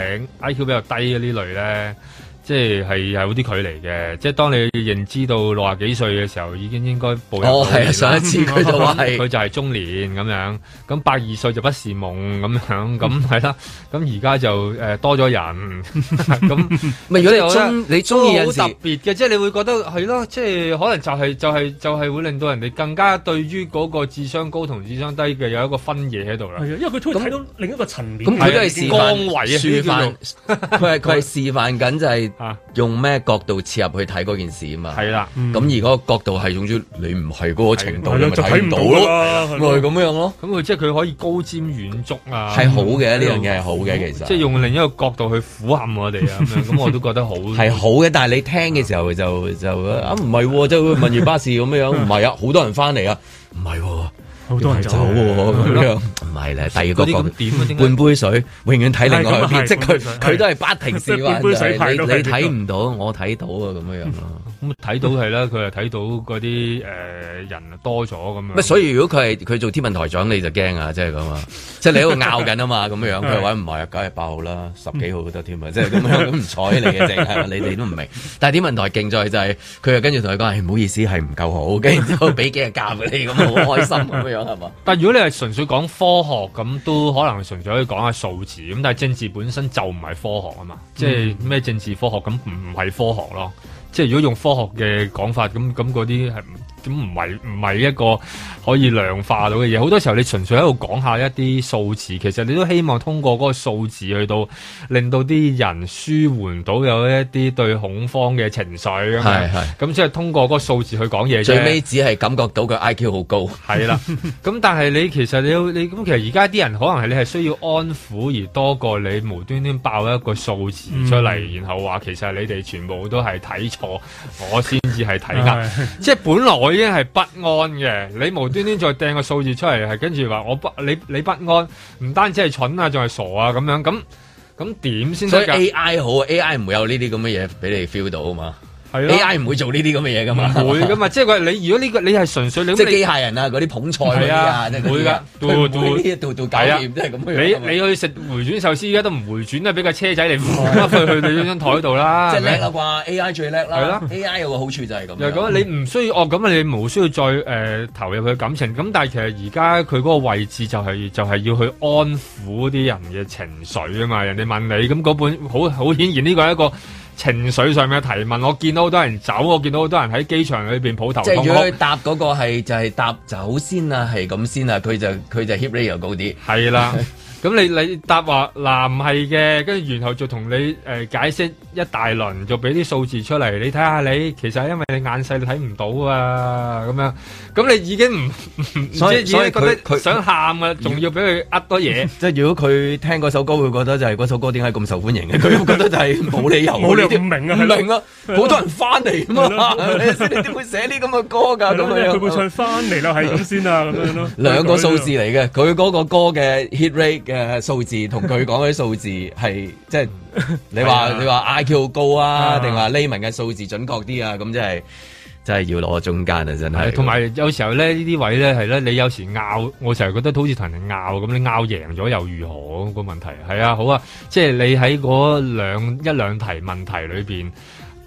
誒 IQ 比較低嘅呢類咧。即係係有啲距離嘅，即係當你認知到六十幾歲嘅時候，已經應該步入。哦，係上一次佢就話、是、係，佢、嗯、就係中年咁樣，咁八二歲就不是夢咁樣，咁係、嗯嗯、啦。咁而家就、呃、多咗人，咁如果你中你中意好特別嘅，即係你會覺得係咯，即係可能就係、是、就係、是、就係、是、會令到人哋更加對於嗰個智商高同智商低嘅有一個分野喺度啦。係啊，因為佢通常睇到那另一個層面。咁佢都係示範佢係佢係示範緊 就係、是。用咩角度切入去睇嗰件事啊嘛？係啦，咁而嗰個角度係總之你唔係嗰個程度，就睇唔到咯，咪咁樣咯。咁佢即係佢可以高瞻遠矚啊，係好嘅，呢樣嘢係好嘅，其實即係用另一個角度去俯瞰我哋啊，咁我都覺得好。係好嘅。但係你聽嘅時候就就啊唔係，即係問完巴士咁樣，唔係啊，好多人翻嚟啊，唔係，好多人走咁樣。唔係咧，啦第二個講、啊、半杯水該永遠睇另外一邊，的即係佢佢都係不停笑啊你的，你你睇唔到，我睇到啊，咁樣樣咯。嗯。睇到係啦，佢又睇到嗰啲誒人多咗咁樣。所以如果佢係佢做天文台長，你就驚啊，即係咁啊，即係你喺度拗緊啊嘛，咁 樣佢話唔係啊，九月八號啦，十幾號都得添啊，即係咁樣咁唔睬你嘅啫，係咪？你哋都唔明。但係天文台勁在就係佢又跟住同佢講，哎，唔好意思係唔夠好，跟住之後俾幾日假俾你咁好 開心咁樣樣係嘛。 吧但如果你係純粹講科學咁，都可能純粹可以講下數字咁，但係政治本身就唔係科學啊嘛，即係咩政治科學咁唔係科學咯。即係如果用科學嘅講法，咁咁嗰啲係唔。咁唔係唔係一個可以量化到嘅嘢，好多時候你純粹喺度講下一啲數字，其實你都希望通過嗰個數字去到令到啲人舒緩到有一啲對恐慌嘅情緒。係係，咁即係通過嗰個數字去講嘢。最尾只係感覺到個 IQ 好高。係啦，咁 但係你其實你要你咁，其實而家啲人可能係你係需要安撫，而多過你無端端爆一個數字出嚟，嗯、然後話其實你哋全部都係睇錯，我先至係睇啱。是是即係本來。已經係不安嘅，你無端端再掟個數字出嚟，係跟住話我不，你你不安，唔單止係蠢啊，仲係傻啊咁樣，咁咁點先得？所以 A I 好，A I 唔會有呢啲咁嘅嘢俾你 feel 到啊嘛。AI 唔會做呢啲咁嘅嘢噶嘛？會噶嘛？即係佢你如果呢個你係純粹你即係機械人啊嗰啲捧菜嗰啲啊，會噶，會會呢一度度計啊，咁你你去食回轉壽司依家都唔回轉啦，俾個車仔嚟推去去到張台度啦。即係叻啦啩？AI 最叻啦。係咯，AI 有個好處就係咁。咁你唔需要哦，咁你無需要再誒投入佢嘅感情。咁但係其實而家佢嗰個位置就係就係要去安撫啲人嘅情緒啊嘛。人哋問你咁嗰本好好顯然呢個係一個。情緒上嘅提問，我見到好多人走，我見到好多人喺機場裏面抱頭痛哭，即係如果搭嗰個係就係、是、搭走先啊，係咁先啊，佢就佢就 hit rate 又高啲。係是啦。 咁你你答話嗱唔係嘅，跟住然後就同你誒解釋一大輪，就俾啲數字出嚟，你睇下你其實係因為你眼細睇唔到啊，咁樣咁你已經唔所以所以覺得佢想喊啊，仲要俾佢呃多嘢。即係如果佢聽嗰首歌，會覺得就係嗰首歌點解咁受歡迎嘅？佢覺得就係冇理由，冇理唔明啊，唔明啊，好多人翻嚟啊嘛，你點會寫啲咁嘅歌噶？咁樣佢會唱翻嚟啦，係咁先啊，咁樣咯。兩個數字嚟嘅，佢嗰個歌嘅 hit rate。嘅數字同佢講嗰啲數字係即係你話你話 IQ 高啊，定話匿文嘅數字準確啲啊？咁即係真係要攞中間啊！對真係。同埋有，有時候咧，呢啲位咧係咧，你有時拗，我成日覺得好似同人拗咁，你拗贏咗又如何？個問題係啊，好啊，即係你喺嗰兩一兩題問題裏邊，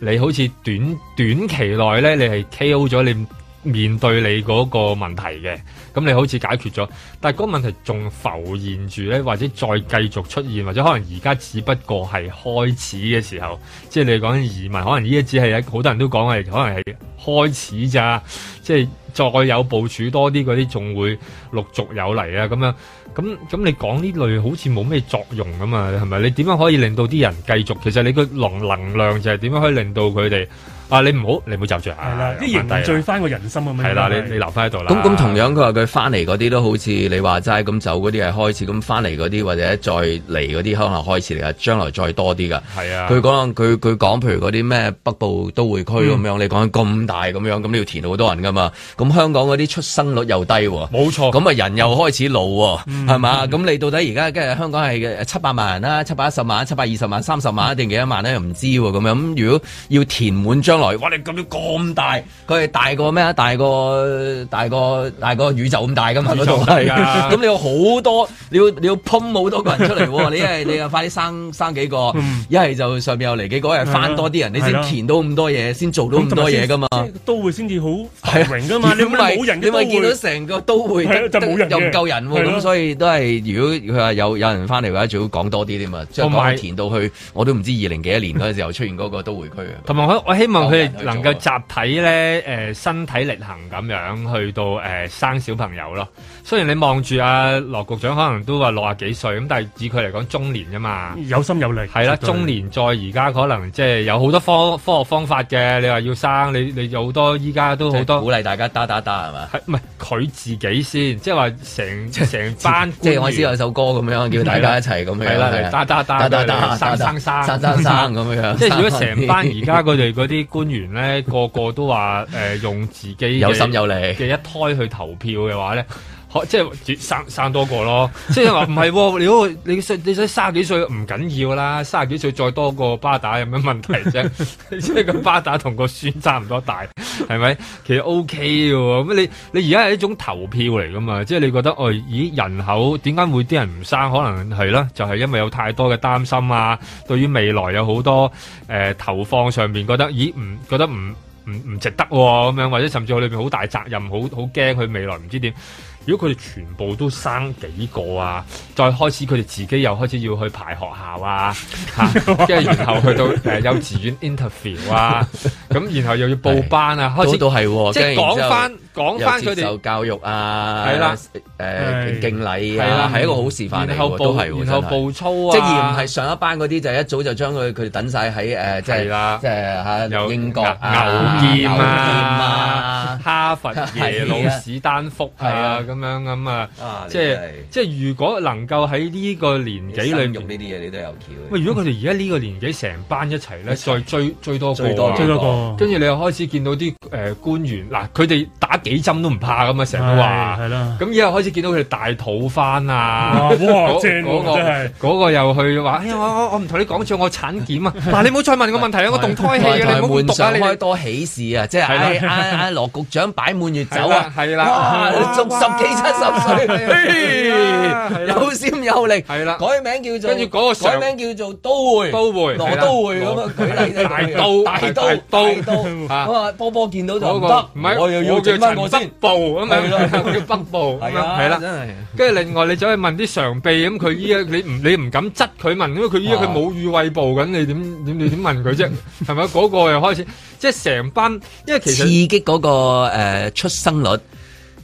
你好似短短期內咧，你係 KO 咗你。面對你嗰個問題嘅，咁你好似解決咗，但係嗰個問題仲浮現住呢，或者再繼續出現，或者可能而家只不過係開始嘅時候，即係你講移民，可能呢一隻係好多人都講係，可能係開始咋，即係再有部署多啲嗰啲，仲會陸續有嚟啊，咁樣，咁咁你講呢類好似冇咩作用咁嘛？係咪？你點樣可以令到啲人繼續？其實你個能能量就係點樣可以令到佢哋？啊！你唔好，你唔好就住嚇。係啦，啲凝聚翻個人心啊嘛。係啦，你你留翻喺度啦。咁咁同樣佢話佢翻嚟嗰啲都好似你話齋咁走嗰啲係開始咁翻嚟嗰啲，或者再嚟嗰啲可能開始嚟，係將來再多啲㗎。係啊，佢講佢佢講，譬如嗰啲咩北部都會區咁、嗯、樣，你講咁大咁樣，咁你要填好多人㗎嘛？咁香港嗰啲出生率又低喎、啊，冇錯。咁啊人又開始老喎、啊，係嘛、嗯？咁你到底而家即係香港係七百萬人啦、啊，七百一十萬、七百二十萬、三十萬定、嗯、幾多萬咧？又唔知喎、啊。咁樣咁如果要填滿將哇！你咁樣咁大，佢係大過咩啊？大過大過大過宇宙咁大噶嘛？度係啊！咁你有好多，你要你要噴好多個人出嚟。你係你又快啲生生幾個，一係就上面又嚟幾個，一係翻多啲人。你先填到咁多嘢，先做到咁多嘢噶嘛？都會先至好係啊，榮噶嘛？你咪你咪見到成個都會就冇人，又唔夠人咁，所以都係如果佢話有有人翻嚟嘅話，最好講多啲添啊。將填到去，我都唔知二零幾年嗰時候出現嗰個都會區啊。同埋我希望。佢哋能夠集體咧，誒，身體力行咁樣去到誒，生小朋友咯。雖然你望住阿羅局長，可能都話六十幾歲咁，但係以佢嚟講中年啫嘛，有心有力係啦。中年再而家可能即係有好多科科學方法嘅。你話要生，你你有好多依家都好多鼓勵大家，打打打，係嘛？唔係佢自己先？即係話成成班，即係我知有首歌咁樣，叫大家一齊咁樣，生生生生生生咁樣。即係如果成班而家佢哋啲。官員咧個個都話誒、呃、用自己 有心有力嘅一胎去投票嘅話咧。即係生生多個咯，即係話唔係，你你說你使卅幾歲唔緊要啦，卅幾歲再多個巴打有咩問題啫？ 即係個巴打同個孫差唔多大，係咪？其實 O K 嘅，咁你你而家係一種投票嚟噶嘛？即係你覺得，哦，咦，人口點解會啲人唔生？可能係啦，就係、是、因為有太多嘅擔心啊，對於未來有好多誒、呃、投放上面覺得，咦，唔覺得唔唔唔值得咁樣，或者甚至佢裏邊好大責任，好好驚佢未來唔知點。如果佢哋全部都生幾個啊，再開始佢哋自己又開始要去排學校啊，跟住、 啊、然後去到誒幼稚園 interview 啊，咁 然後又要報班啊， 開始都都係即係講翻。講翻佢哋教育啊，係啦，誒，敬禮啊，係一個好示範，都係喎，然後步操啊，即而唔係上一班嗰啲就一早就將佢佢等晒喺誒，即係即係英國牛劍啊，哈佛耶魯史丹福係啊，咁樣咁啊，即係即係如果能夠喺呢個年紀裏，用呢啲嘢你都有喂，如果佢哋而家呢個年紀成班一齊咧，再追追多個，追多個，跟住你又開始見到啲誒官員嗱，佢哋打。幾針都唔怕咁啊！成日都話，咁以後開始見到佢哋大肚翻啊！哇，轉嗰個真係嗰個又去話，哎呀，我我我唔同你講住，我產檢啊！嗱，你唔好再問我個問題啦，我動胎氣嘅，你唔好亂讀啊！你開多喜事啊！即係哎哎哎，羅局長擺滿月酒啊！係啦，仲十幾七十歲，有心有力係啦，改名叫做，跟住嗰個改名叫做都會，都會羅都會咁啊！舉例大刀大刀刀啊！咁啊，波波見到就得，我又要再。北部咁咪咯，叫的北部係啊，係啦，真係。跟住另外你走去問啲常秘咁，佢依家，你唔你唔敢質佢問，因為佢依家佢冇預位部咁，你點點你點問佢啫？係咪啊？嗰、那個又開始，即係成班，因為其實刺激嗰、那個、呃、出生率。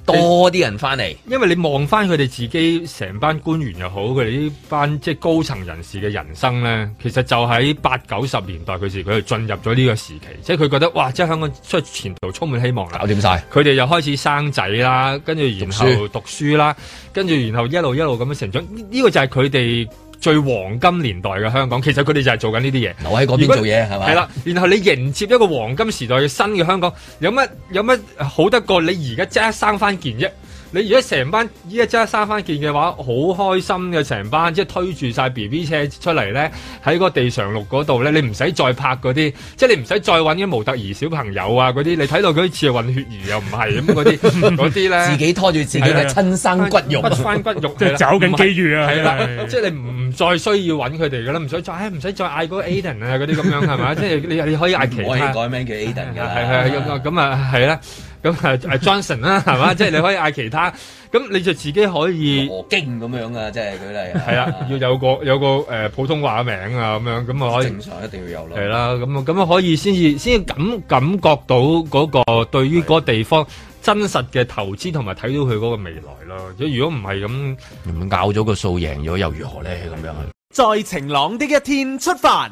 多啲人翻嚟，因為你望翻佢哋自己成班官員又好，佢哋呢班即係高層人士嘅人生呢，其實就喺八九十年代嗰時佢哋佢哋進入咗呢個時期，即係佢覺得哇，即係香港出前途充滿希望啦，搞掂晒，佢哋又開始生仔啦，跟住然後讀書啦，書跟住然後一路一路咁樣成長，呢、這個就係佢哋。最黃金年代嘅香港，其實佢哋就係做緊呢啲嘢，留喺嗰邊做嘢係咪？係啦果吧，然後你迎接一個黃金時代嘅新嘅香港，有乜有乜好得過你而家即刻生翻件啫？你如果成班依一張生翻見嘅話，好開心嘅成班，即係推住晒 B B 車出嚟咧，喺個地上碌嗰度咧，你唔使再拍嗰啲，即係你唔使再搵啲模特兒小朋友啊嗰啲，你睇到佢似混血兒又唔係咁嗰啲嗰啲咧，自己拖住自己嘅親生骨肉，骨翻骨肉，即係走緊機遇啊！係啦，即係你唔再需要搵佢哋㗎啦，唔使再，唔使再嗌嗰個 Aden 啊嗰啲咁樣係嘛？即係你你可以嗌其他，我改名叫 Aden 㗎，係係咁啊，係啦。咁係係 Johnson 啦，係嘛，即係你可以嗌其他，咁 你就自己可以何經咁樣噶，即係佢哋係啦，啊啊、要有個有個誒、呃、普通話名啊，咁樣咁啊可以正常一定要有咯，係啦、啊，咁啊咁啊可以先至先感感覺到嗰個對於嗰個地方真實嘅投資同埋睇到佢嗰個未來咯。如果唔係咁，唔咬咗個數贏咗又如何咧？咁樣再在晴朗啲嘅一天出發。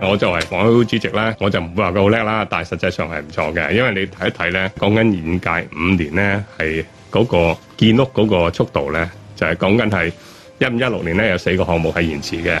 我就係房屋會主席咧，我就唔會話佢好叻啦，但係實際上係唔錯嘅，因為你睇一睇呢，講緊現屆五年呢，係嗰個建屋嗰個速度呢，就係講緊係一五一六年呢，有四個項目係延遲嘅。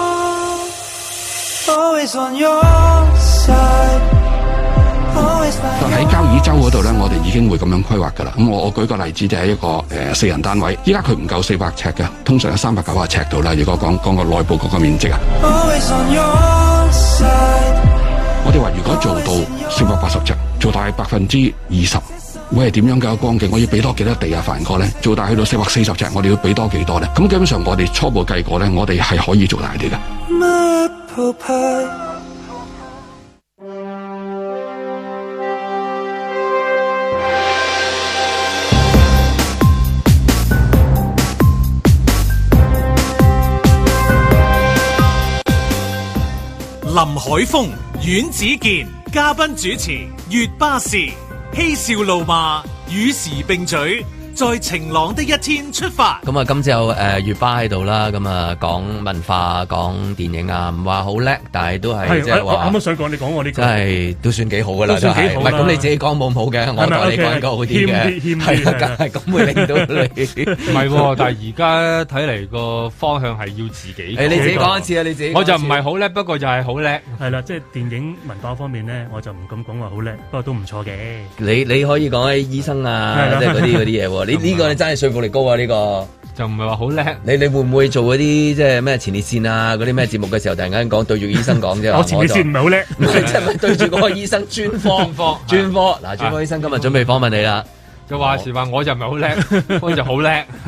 喺交椅洲嗰度咧，我哋已經會咁樣規劃噶啦。咁我我舉個例子，就係、是、一個誒、呃、四人單位，依家佢唔夠四百尺嘅，通常有三百九啊尺度啦。如果講講個內部嗰個面積啊， 我哋話如果做到四百八十尺，做大百分之二十，喂，點樣嘅光景？我要俾多幾多地啊，凡哥咧？做大去到四百四十尺，我哋要俾多幾多咧？咁基本上我哋初步計過咧，我哋係可以做大啲嘅。林海峰、阮子健嘉賓主持，粵巴士嬉笑怒罵，與時並嘴。在晴朗的一天出發。咁啊，今朝有月巴喺度啦，咁啊講文化、講電影啊，唔話好叻，但係都係即係話啱啱想講你講我啲，真係都算幾好噶啦，算幾好啦。唔係咁你自己講冇好嘅，我代你講個好啲嘅，係啦，梗係咁會令到你唔係喎。但係而家睇嚟個方向係要自己。誒你自己講一次啊，你自己。我就唔係好叻，不過就係好叻。係啦，即係電影文化方面咧，我就唔敢講話好叻，不過都唔錯嘅。你你可以講喺醫生啊，即係嗰啲嗰啲嘢喎。呢呢個你真係說服力高啊！呢、這個就唔係話好叻。你你會唔會做嗰啲即係咩前列腺啊嗰啲咩節目嘅時候，突然間講對住醫生講啫。 我前列腺唔係好叻，唔係即係對住嗰個醫生專科科專科。嗱，專科醫生今日準備訪問你啦。又話時話，我就唔係好叻，我就好叻，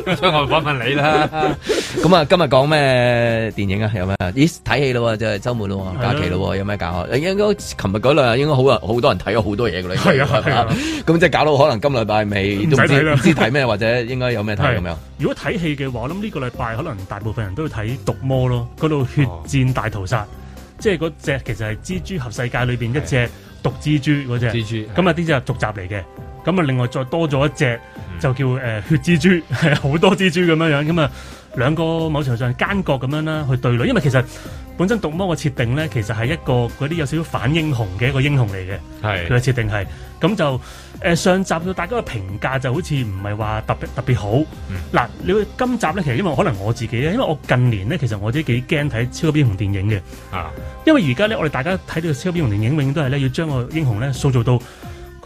所以我訪問你啦。咁啊，今日講咩電影啊？有咩？咦，睇戲咯，就係、是、周末咯，的假期咯，有咩搞？應該琴日嗰兩日應該好好多人睇咗好多嘢噶啦。係啊係啊，咁吧的即係搞到可能今禮拜未都唔知唔知睇咩，或者應該有咩睇咁樣。的如果睇戲嘅話，我諗呢個禮拜可能大部分人都要睇《毒魔》咯，嗰度血戰大屠殺，哦、即係嗰隻其實係《蜘蛛俠》世界裏邊一隻。毒蜘蛛嗰隻，咁啊呢隻就續集嚟嘅，咁啊另外再多咗一隻就叫誒、呃、血蜘蛛，係好多蜘蛛咁樣樣，咁、嗯、啊。兩個某程度上奸角咁樣啦，去對壘，因為其實本身毒魔嘅設定咧，其實係一個嗰啲有少少反英雄嘅一個英雄嚟嘅，佢嘅是設定係咁就、呃、上集到大家嘅評價就好似唔係話特別特別好。嗱、嗯，你會今集咧其實因為可能我自己咧，因為我近年咧其實我自己幾驚睇超級英雄電影嘅，啊、因為而家咧我哋大家睇到超級英雄電影永遠都係咧要將個英雄咧塑造到。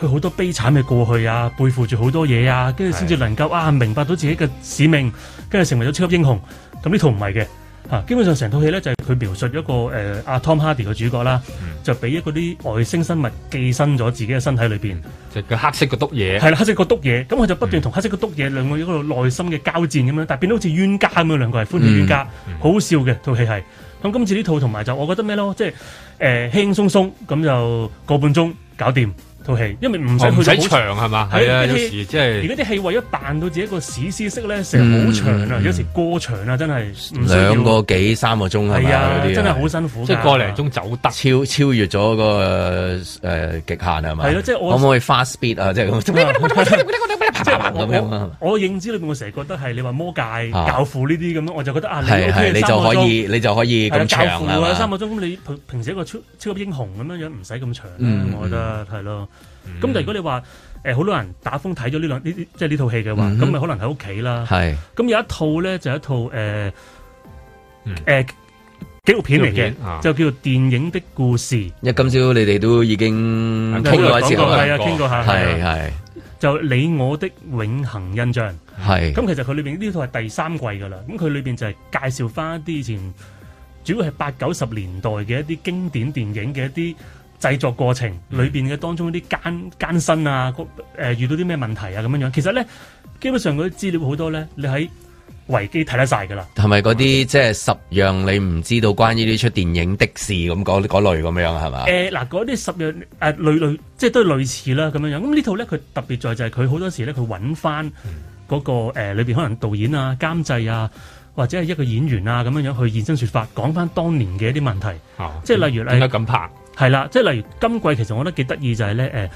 好多悲慘嘅過去啊，背負住好多嘢啊，跟住先至能夠啊明白到自己嘅使命，跟住成為咗超級英雄。咁呢套唔係嘅，吓基本上成套戲咧就係佢描述一個誒阿 Tom Hardy 嘅主角啦，就俾一啲外星生物寄生咗自己嘅身體裏邊，就個黑色嘅督嘢係啦，黑色嘅督嘢，咁佢就不斷同黑色嘅督嘢兩個喺度內心嘅交戰咁樣，但變到好似冤家咁樣，兩個係歡喜冤家，好好笑嘅套戲係。咁今次呢套同埋就我覺得咩咯，即係誒輕鬆鬆咁就個半鐘搞掂。套戲，因為唔使去到好長係嘛？係啊，有時即係而家啲戲為咗扮到自己一個史詩式咧，成日好長啊！有時過長啊，真係兩個幾三個鐘啊，真係好辛苦。即係個零鐘走得超超越咗個誒極限係咪？係咯，即係可唔可以 fast speed 啊？即係咁，即係咁樣我認知裏邊我成日覺得係你話魔戒教父呢啲咁咯，我就覺得啊，係你就可以，你就可以咁長啦。三個鐘你平時時一個超超級英雄咁樣樣唔使咁長，我覺得係咯。咁但係如果你話誒好多人打風睇咗呢兩呢啲即係呢套戲嘅話，咁咪可能喺屋企啦。係咁有一套咧就一套誒誒紀錄片嚟嘅，就叫做《電影的故事》。因為今朝你哋都已經傾過一次啦，係啊，傾過下係係。就你我的永恒印象係。咁其實佢裏邊呢套係第三季噶啦，咁佢裏邊就係介紹翻一啲以前主要係八九十年代嘅一啲經典電影嘅一啲。製作過程裏邊嘅當中一啲艱艱辛啊，誒、呃、遇到啲咩問題啊，咁樣樣其實咧，基本上嗰啲資料好多咧，你喺維基睇得晒㗎喇。係咪嗰啲即係十樣你唔知道關於呢出電影的事咁嗰嗰類咁樣係嘛？誒嗱，嗰啲、呃、十樣誒、呃、類類，即係都係類似啦咁樣樣。咁呢套咧佢特別在就係佢好多時咧佢揾返嗰個誒裏邊可能導演啊、監製啊，或者係一個演員啊咁樣樣去現身說法，講返當年嘅一啲問題。啊、即係例如咧點解咁拍？係啦，即係例如今季其實我覺得幾得意就係、是、咧，誒、呃，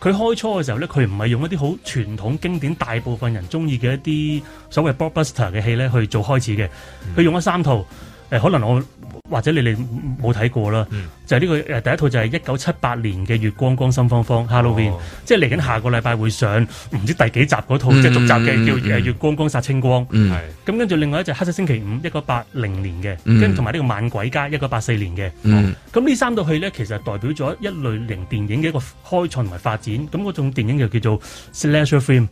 佢開初嘅時候咧，佢唔係用一啲好傳統經典大部分人中意嘅一啲所謂 blockbuster 嘅戲咧去做開始嘅，佢、嗯、用咗三套、呃、可能我。或者你哋冇睇過啦，嗯、就係呢、呢個誒、呃、第一套就係一九七八年嘅《月光光心慌慌》哦《Halloween》，即係嚟緊下個禮拜會上唔知第幾集嗰套、嗯、即係續集嘅、嗯、叫《月光光殺清光》嗯。咁、嗯嗯、跟住另外一套就黑色星期五，一九八零年嘅，嗯、跟住同埋呢個《猛鬼街》，一九八四年嘅。咁呢、嗯嗯、三套戲咧，其實代表咗一類型電影嘅一個開創同埋發展。咁嗰種電影就叫做 slasher film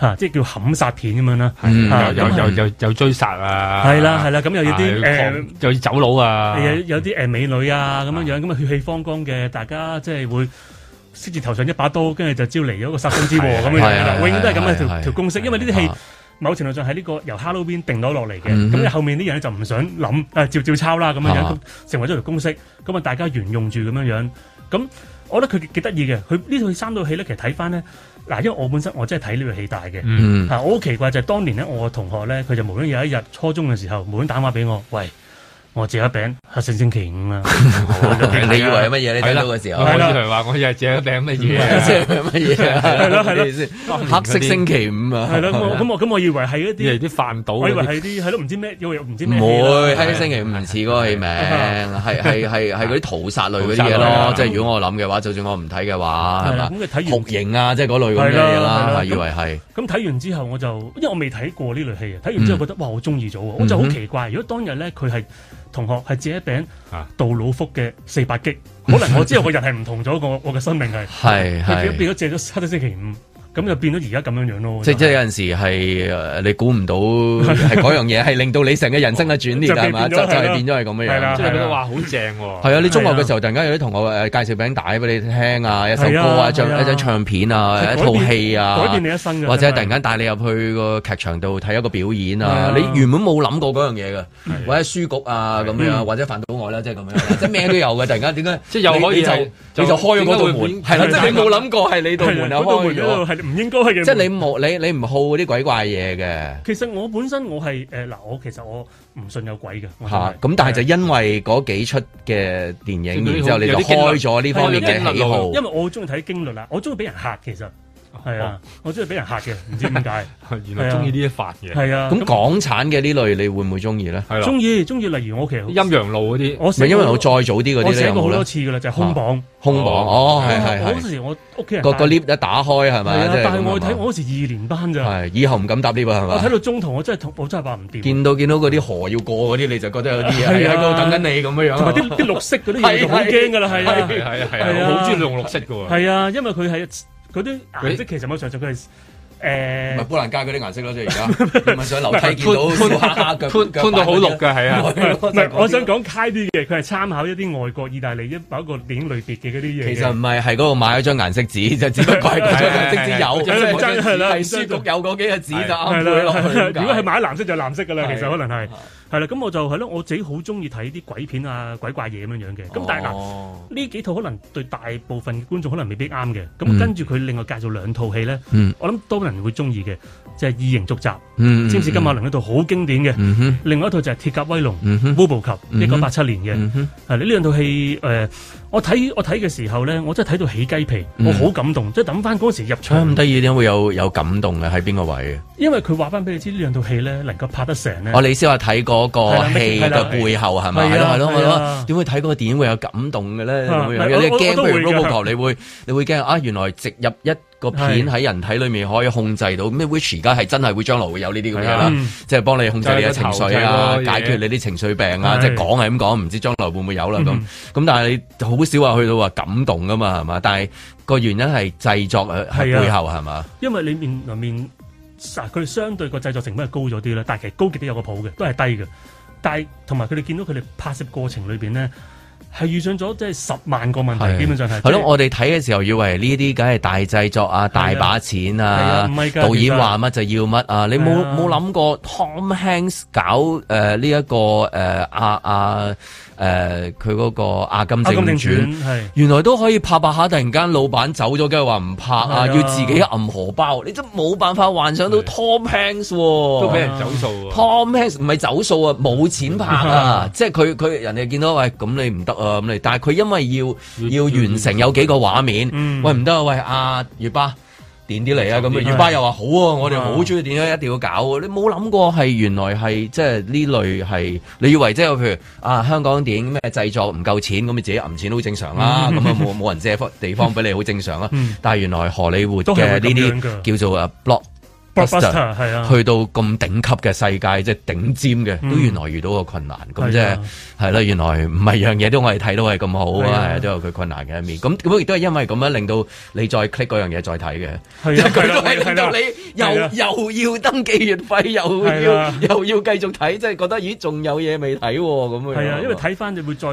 吓，即係叫砍殺片咁樣啦，又又又又追殺啊，係啦係啦，咁又有啲誒，有走佬啊，有有啲誒美女啊咁樣樣，咁啊血氣方剛嘅，大家即係會色字頭上一把刀，跟住就招嚟咗個殺身之禍咁樣樣啦，永遠都係咁嘅條條公式，因為呢啲戲，某程度上喺呢個由 Halloween 定咗落嚟嘅，咁你後面啲人咧就唔想諗，啊照照抄啦咁樣樣，成為咗條公式，咁啊大家沿用住咁樣樣，咁我覺得佢幾得意嘅，佢呢套三套戲咧，其實睇翻咧。嗱，因為我本身我真係睇呢個戲大嘅，嚇、嗯、我好奇怪就係當年咧，我個同學咧，佢就無端有一日初中嘅時候，無端打電話俾我，喂。我借一餅黑色星期五啊。你以為係乜嘢？你睇到嘅時候，我以為話我又係借一餅乜嘢？借一乜嘢？係咯，係黑色星期五啊！係啦，咁我咁我以為係一啲，係啲飯島，我以為係啲，係咯，唔知咩，又又唔知咩。唔會黑色星期五唔似嗰個戲名，係係係係嗰啲屠殺類嗰啲嘢咯。即係如果我諗嘅話，就算我唔睇嘅話，係嘛？咁佢睇完酷刑啊，即係嗰類咁嘅嘢啦，以為係。咁睇完之後，我就因為我未睇過呢類戲啊，睇完之後覺得哇，我中意咗，我就好奇怪。如果當日咧，佢係。同學係借一餅杜魯福嘅四百擊，可能我知道個人係唔同咗， 我我嘅生命係，佢 變咗借咗七個星期五。咁就變到而家咁樣樣咯，即係即係有陣時係誒你估唔到係嗰樣嘢係令到你成個人生嘅轉變啊嘛，就就係變咗係咁樣樣。即係你覺得話好正喎，係啊！你中學嘅時候突然間有啲同學介紹餅帶俾你聽啊，一首歌啊，一張唱片啊，一套戲啊，或者突然間帶你入去個劇場度睇一個表演啊，你原本冇諗過嗰樣嘢嘅，或者書局啊咁樣，或者飯島愛啦，即係咁樣，即係咩都有嘅。突然間點解即又可以就你就開咗嗰道門？係啦，即你冇諗過係你度門又開咗。唔應該係嘅，即係你冇你你唔好嗰啲鬼怪嘢嘅。其實我本身我係誒嗱，我其實我唔信有鬼嘅。嚇、就是，咁、啊、但係就因為嗰幾出嘅電影，嗯、然之後你就開咗呢方面嘅喜好因。因為我中意睇驚慄啦，我中意俾人嚇其實。係啊，我中意俾人嚇嘅，唔知點解。原來中意呢啲發嘢。係啊，咁港產嘅呢類，你會唔會中意咧？係啦，中意中意。例如我屋企，陰陽路嗰啲，唔係因為我再早啲嗰啲，我寫過好多次噶啦，就空榜。空榜哦，係係。嗰時我屋企人個個 lift 一打開係咪？係啊，但係我睇我嗰時二年班咋。係，以後唔敢搭 lift 係咪？我睇到中途我真係同我真係話唔掂。見到見到嗰啲河要過嗰啲，你就覺得有啲嘢喺度等緊你咁樣樣。啲啲綠色嗰啲嘢，好驚噶啦，係啊係啊係啊，好中意用綠色噶喎。係啊，因為佢係。嗰啲顏色其實冇上集佢係誒，唔係波蘭街嗰啲顏色咯，即係而家唔係上樓梯見到黐黑黑腳，潘潘到好綠嘅係啊！唔係，我想講啓啲嘅，佢係參考一啲外國、意大利一某一個電影類別嘅嗰啲嘢。其實唔係，係嗰度買一張顏色紙就只不過係嗰張紙有，即係係書局有嗰幾個字就攤攤落去。如果係買藍色就藍色㗎啦，其實可能係。係啦，咁我就係咯，我自己好中意睇啲鬼片啊、鬼怪嘢咁樣樣嘅。咁但係嗱、啊，呢、哦、幾套可能對大部分觀眾可能未必啱嘅。咁跟住佢另外介紹兩套戲咧，嗯、我諗多人會中意嘅，即、就、係、是《異形、嗯》續集，先至《金馬倫》一套好經典嘅。嗯、哼另外一套就係、是《鐵甲威龍》，嗯哼《RoboCop》，一九八七年嘅。係你呢兩套戲誒。嗯哼呃我睇我睇嘅時候咧，我真係睇到起雞皮，我好感動。即係等翻嗰時入場咁得意，點會有有感動嘅？喺邊個位？因為佢話翻俾你知呢兩套戲咧，能夠拍得成呢你試下睇嗰個戲嘅背後係咪？係咯係咯點會睇嗰個電影會有感動嘅咧？咁樣，你驚佢 r o b 你會你會驚啊！原來植入一個片喺人體裏面可以控制到咩？which 而家係真係會將來會有呢啲咁樣啦，即係幫你控制你嘅情緒啊，解決你啲情緒病啊。即係講係咁講，唔知將來會唔會有啦咁。咁但係你好。少話去到話感動噶嘛係嘛，但係個原因係製作喺背後係嘛、啊？因為裏面，面佢佢佢裏面，其實相對個製作成本係高咗啲啦，但係其實高極都有個譜嘅，都係低嘅。但係同埋佢哋見到佢哋拍攝過程裏邊咧，係遇上咗即係十萬個問題，啊、基本上係係咯。我哋睇嘅時候以為呢啲梗係大製作啊，大把錢啊，啊啊導演話乜就要乜啊。啊你冇冇諗過 Tom Hanks 搞誒呢一個誒阿阿？呃啊啊誒，佢嗰、呃、個阿甘正傳，係原來都可以拍拍下，突然間老闆走咗，跟住話唔拍啊，是啊要自己揞荷包，你真冇辦法幻想到是、啊、Tom Hanks，、啊啊、都俾人走數、啊。啊、Tom Hanks 唔係走數啊，冇錢拍啊， 即係佢佢人哋見到喂，咁、哎、你唔得啊，咁你，你，但係佢因為要要完成有幾個畫面，喂唔得啊，喂阿、啊、月巴。點啲嚟啊！咁葉巴又話好喎、啊，我哋好中意電影一定要搞喎、啊！你冇諗過係原來係即係呢類係你以為即、就、係、是、譬如啊香港電影咩製作唔夠錢，咁你自己揞錢都正常啦、啊，咁啊冇冇人借地方俾你，好正常啊！嗯、但係原來荷里活嘅呢啲叫做啊 block。係啊，去到咁頂級嘅世界，即係頂尖嘅，都原來遇到個困難咁即係係啦。原來唔係樣嘢都我哋睇到係咁好啊，係都有佢困難嘅一面。咁咁亦都係因為咁樣令到你再 click 嗰樣嘢再睇嘅，係佢都係令到你又又要登記月費，又要又要繼續睇，即係覺得咦仲有嘢未睇咁啊？係啊，因為睇翻你會再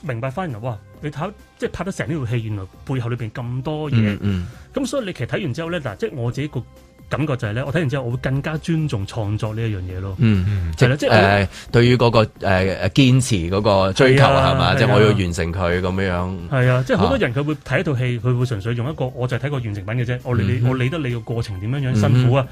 明白翻原來，哇！你睇即係拍得成呢套戲，原來背後裏邊咁多嘢，咁所以你其實睇完之後咧嗱，即係我自己個。感覺就係咧，我睇完之後，我會更加尊重創作呢一樣嘢咯。嗯嗯，即係即係誒，對於嗰個誒堅持嗰個追求係嘛，即係我要完成佢咁樣。係啊，即係好多人佢會睇一套戲，佢會純粹用一個，我就係睇個完成品嘅啫。我理我理得你個過程點樣樣辛苦啊？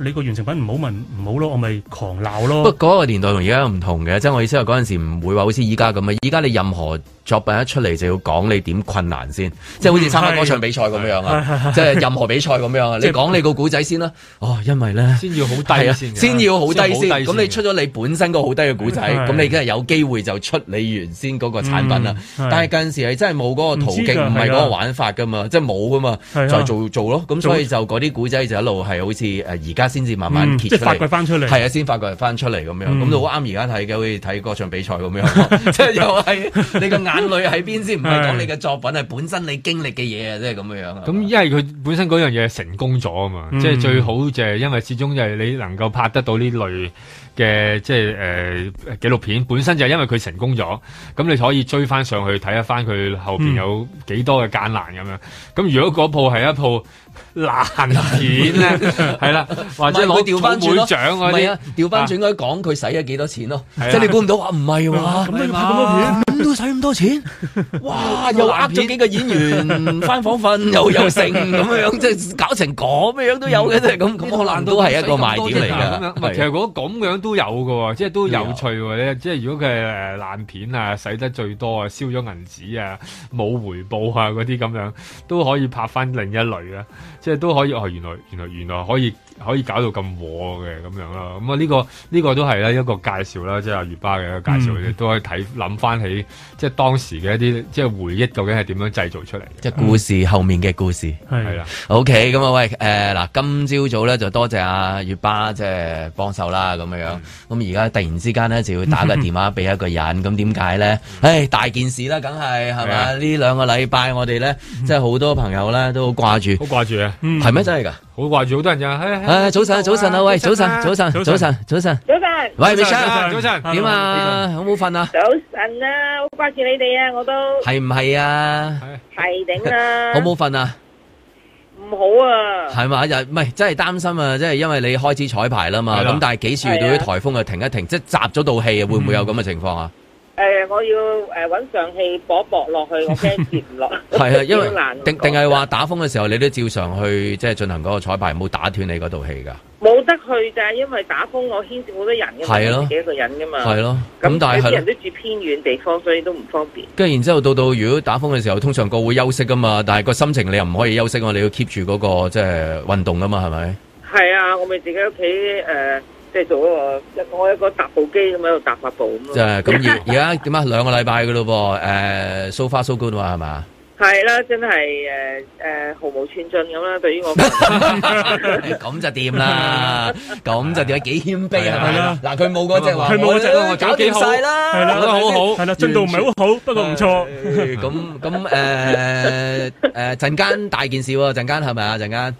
你個完成品唔好咪唔好咯，我咪狂鬧咯。不過嗰個年代同而家唔同嘅，即係我意思係嗰陣時唔會話好似依家咁啊！依家你任何作品一出嚟就要講你點困難先，即係好似參加歌唱比賽咁樣啊，即係任何比賽咁樣啊！你講你個古仔先啦。哦，因為咧，先要好低先，先要好低先。咁你出咗你本身個好低嘅古仔，咁你梗係有機會就出你原先嗰個產品啦。但係近陣時係真係冇嗰個途徑，唔係嗰個玩法㗎嘛，即係冇㗎嘛，再做做咯。咁所以就嗰啲古仔就一路係好似而家。先至慢慢揭出嚟，係啊、嗯，先發掘翻出嚟咁、嗯、樣，咁就好啱而家睇嘅，好似睇歌唱比賽咁樣，即係、嗯、 又係你嘅眼淚喺邊先，唔係講你嘅作品，係、嗯、本身你經歷嘅嘢啊，即係咁樣樣。咁因為佢本身嗰樣嘢成功咗啊嘛，嗯、即係最好就係因為始終就係你能夠拍得到呢類嘅，即係誒紀錄片，本身就係因為佢成功咗，咁你可以追翻上去睇一翻佢後邊有幾多嘅艱難咁、嗯、樣。咁如果嗰部係一套。爛、啊、片咧，係啦，或者攞掉翻轉咯，唔係啊，掉翻轉嗰啲講佢使咗幾多錢咯，即係你估唔到啊？唔係喎，咁你要拍咁多片啊。都使咁多錢，哇！ 又呃咗幾個演員翻 房瞓， 又又剩咁樣，即係搞成咁嘅樣都有嘅，即係咁。呢個可能都係一個賣點嚟噶。其實我咁樣都有嘅的，即係都有趣嘅。即係如果佢係爛片啊，使得最多燒啊，燒咗銀紙啊，冇回報啊，嗰啲咁樣都可以拍翻另一類啊。即係都可以哦。原來原來原來可以。可以搞到咁和嘅咁樣啦，咁啊，呢個呢個都係咧一個介紹啦，即、就、係、是、阿月巴嘅一個介紹，嗯、你都可以睇諗翻起，即係當時嘅一啲即係回憶，究竟係點樣製造出嚟？即係故事、嗯、後面嘅故事係是啊。OK，咁啊喂，誒、呃、嗱，今朝早咧就多謝阿月巴即係幫手啦，咁、就、樣、是、樣。咁而家突然之間咧就要打個電話俾一個人，咁點解咧？唉、哎，大件事啦，梗係係嘛？啊、兩呢兩個禮拜我哋咧，即係好多朋友咧都好掛住，好掛住啊，係、嗯、咩真係噶？會話住好多人咋？哎哎，早晨早晨啊，喂，早晨早晨早晨早晨早晨，喂，早晨早晨早晨點啊？好冇瞓啊？早晨啊，好掛住你哋啊，我都係唔係啊？係頂啊。好冇瞓啊？唔好啊？係嘛？又唔係真係擔心啊？即係因為你開始彩排啦嘛，咁但係幾時遇到啲台風啊，停一停，即係閘咗道氣啊？會唔會有咁嘅情況啊？誒、呃，我要誒、呃、揾上氣搏薄落去，我驚接唔落。係 啊，因為定定係話打風嘅時候，你都照常去即係進行嗰個彩排，冇打斷你嗰套戲噶？冇得去就係因為打風我牽涉好多人噶嘛，幾個人噶嘛。係咯。咁但係啲人都住偏遠地方，所以都唔方便。跟住然之後到到如果打風嘅時候，通常個會休息噶嘛，但係個心情你又唔可以休息我你要 keep 住嗰個即係運動噶嘛，係咪？係啊，我咪自己屋企誒。呃即係做一個，我一個踏步機咁喺度踏八步咁咯。就係咁而而家點解啊？兩個禮拜噶咯喎。誒，so far so good 嘛，係嘛？係啦，真係誒誒，毫無寸進咁啦。對於我咁就掂啦，咁就點啊？幾謙卑啊？係咪？嗱，佢冇嗰隻話，佢冇嗰隻咯，搞掂晒啦。係啦，做得好好，係啦，進度唔係好好，不過唔錯。咁咁誒誒，陣間大件事喎，陣間係咪啊？陣間。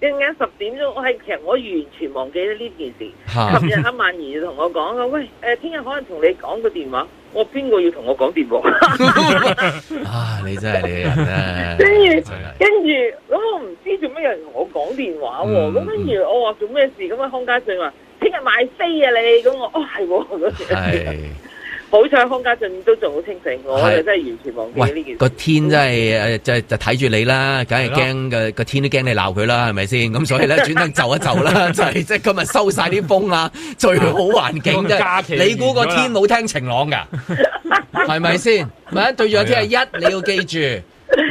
陣間十點鐘，我係其實我完全忘記咗呢件事。琴日阿萬儀就同我講啦，喂，誒、呃，聽日可能同你講個電話。我邊個要同我講電話？ 啊，你真係你嘅人啊！后是跟住，跟住，咁我唔知做咩人同我講電話喎、啊。咁跟住我話做咩事？咁、嗯、啊，康家俊話聽日買飛啊你。咁我哦係喎嗰好彩康家俊都仲好清醒，我就真係完全忘記呢件事。個天真係，誒，就就睇住你啦，梗係驚個個天都驚你鬧佢啦，係咪先？咁所以咧，轉頭就一就啦，就即係今日收晒啲風啊，最好環境即係你估個天冇聽晴朗噶？係咪先？唔對住個天係一，你要記住。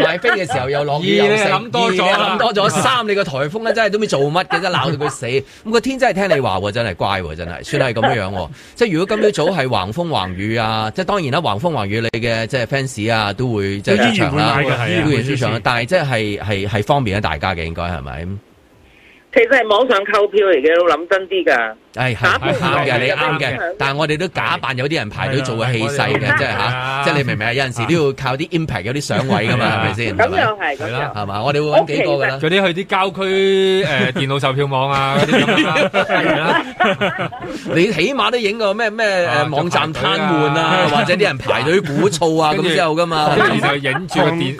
買飛嘅時候又落雨又成，多咗諗多咗，三你個台風咧真係都未做乜嘅啫，鬧到佢死。咁個吧天真係聽你話喎，真係乖喎，真係，算係咁樣樣。即係 如果今朝早係橫風橫雨啊，即係當然啦，橫風橫雨你嘅即係 fans 啊，都會即係入場啦，但係即係係係方便咗大家嘅，應該係咪？其實係網上購票嚟嘅，諗真啲噶。誒係啱嘅，你啱嘅，但係我哋都假扮有啲人排隊做嘅氣勢嘅，即係吓，即係你明唔明啊？有陣時都要靠啲 impact 有啲上位噶嘛，係咪先？咁又係，係係嘛？我哋會揾幾個㗎啦，嗰啲去啲郊區誒電腦售票網啊嗰啲咁你起碼都影個咩咩誒網站癱瘓啊，或者啲人排隊鼓噪啊咁之後㗎嘛？其實影住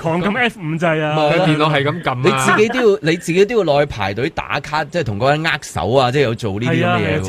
按咁 F 五制啊，望電腦係咁撳，你自己都要你自己都要落去排隊打卡，即係同嗰陣握手啊，即係有做呢啲咁嘅嘢。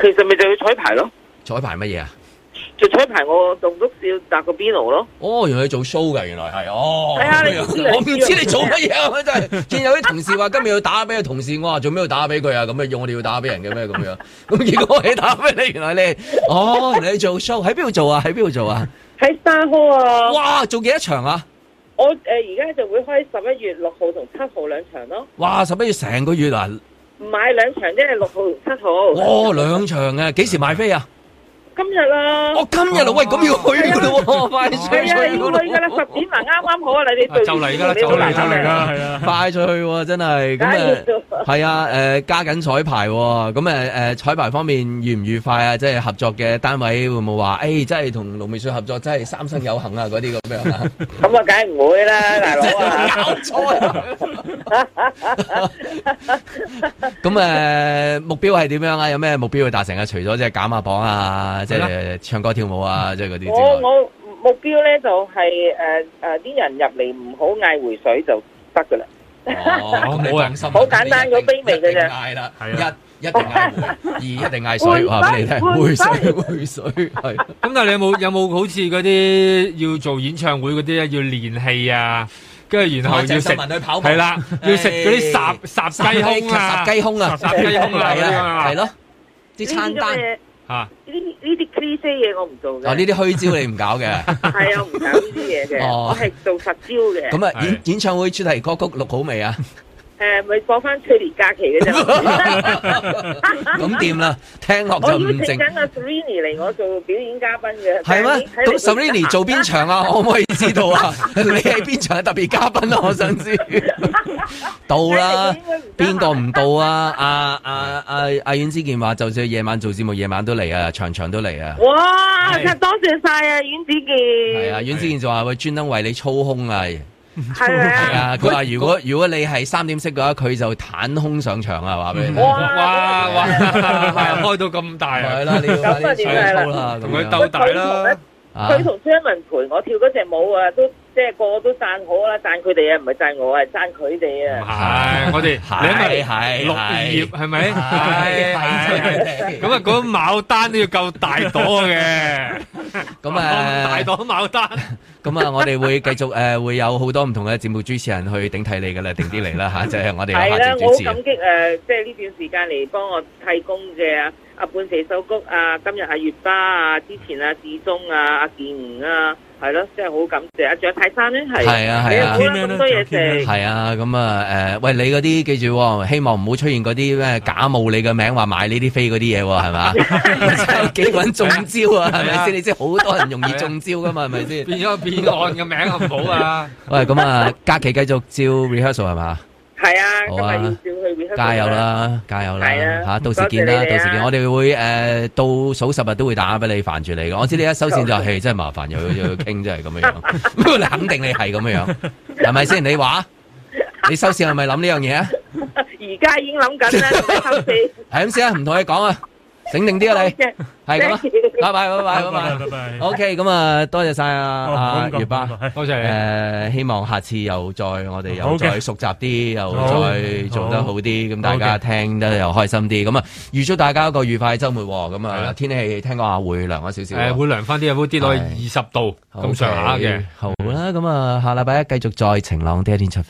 其實咪就要彩排咯，彩排乜嘢啊？就彩排我棟篤笑搭個邊爐咯。哦，原來做 show 嘅，原來係哦。係啊，你我唔知你做乜嘢啊？真係見有啲同事話今日要打俾個同事，我話做咩要打俾佢啊？咁啊，要我哋要打俾人嘅咩咁樣？咁結果我係打俾你，原來你哦，你做 show 喺邊度做啊？喺邊度做啊？喺 Star Hall 啊！哇，做幾多場啊？我誒而家就會開十一月六號同七號兩場咯。哇，十一月成個月啦！買兩場即係，六號七號。哦，兩場啊？幾時買飛啊？今日啊！我今日啊！喂，咁要去噶啦！快脆去！係啊，要去噶啦！十點啊，啱啱好啊！你哋就嚟噶啦！就嚟就嚟啦！係啊！快脆去喎！真係咁啊！係啊！誒，加緊彩排喎！咁誒誒，彩排方面愉唔愉快啊？即係合作嘅單位會唔會話？誒，真係同盧美樹合作，真係三生有幸啊！嗰啲咁樣咁啊，梗係唔會啦，大佬！搞錯！咁誒目標係點樣啊？有咩目標要達成啊？除咗即係減下磅啊！即係唱歌跳舞啊，即係嗰啲。我我目標咧就係誒誒啲人入嚟唔好嗌回水就得噶啦。哦，冇人心。好簡單，好卑微嘅啫。係啦，係啊，一一定嗌，二一定嗌水話俾你聽，回水，回水。咁但係，你有冇有冇好似嗰啲要做演唱會嗰啲咧？要練氣啊，跟住然後要食跑，係啦，要食嗰啲霎霎雞胸啊，霎雞胸啊，霎雞胸啊，係咯，啲餐單。啊！呢呢啲啲些嘢我唔做嘅。哦，呢啲虛招你唔搞嘅？係啊，唔搞呢啲嘢嘅，我係做實招嘅。咁啊，演演唱會主題歌曲錄好未啊？誒，咪播翻翠蓮假期嘅啫。咁掂啦，聽落就唔掂。我要請阿 Sorini 嚟我做表演嘉賓嘅。係咩？咁 Sorini 做邊場啊？可唔可以知道啊？你係邊場特別嘉賓啊？我想知。到啦，邊個唔到啊？阿阿阿阿阮子健話，就算夜晚做節目，夜晚都嚟啊，場場都嚟啊。哇！多謝晒啊，阮子健。係啊，阮子健就話佢專登為你操空啊！係啊，佢話如果如果你係三點式嘅話，佢就彈空上場啊。話俾你。哇哇哇！開到咁大啊！係啦，你要操啦，同佢鬥大啦。佢同張文陪我跳嗰隻舞啊，都。即係個個都讚我啦、э，讚佢哋啊，唔係讚我，係讚佢哋啊。係我哋，係係係，係咪？係係。咁啊，嗰啲牡丹都要夠大朵嘅。咁啊，大朵牡丹。咁啊，我哋會繼續誒，會有好多唔同嘅節目主持人去頂替你噶啦，定啲嚟啦吓，就係我哋下場主持。係啦，好感激誒，即係呢段時間嚟幫我替工嘅阿半蛇壽菊啊，今日係月巴啊，之前阿志忠啊，阿健吾啊。係咯，真係好感謝啊！仲有泰山咧係，係啊係啊，咁多嘢食，係啊，咁啊，誒，喂，你嗰啲記住，希望唔好出現嗰啲咩假冒你嘅名，話買呢啲飛嗰啲嘢，係嘛，幾搵中招啊，係咪先？你知好多人容易中招噶嘛，係咪先？變咗個變案嘅名好唔好啊！喂，咁啊，假期繼續照 rehearsal 係嘛？係啊,好啊，加油啦，加油啦！吓、啊，到時見啦，謝謝啊、到時見。嗯、我哋會誒、呃、到數十日都會打俾你，煩住你嘅。我知你一收線就係、嗯、嘿真係麻煩，又要傾，真係咁樣樣。 你肯定你係咁樣樣，係咪先？你話你收線係咪諗呢樣嘢啊？而家已經諗緊啦，係咁先啊唔同你講啊。醒定啲啊，你，係咁啦，拜拜、拜拜、拜拜，OK，咁啊多謝晒啊阿月巴，多謝你誒，希望下次又再我哋又再熟習啲，又再做得好啲，咁大家聽得又開心啲，咁啊預祝大家一個愉快嘅周末，咁啊天氣聽講啊會涼咗少少，誒會涼翻啲，會跌落去二十度咁上下嘅，好啦，咁啊下禮拜一繼續再晴朗啲一天出發。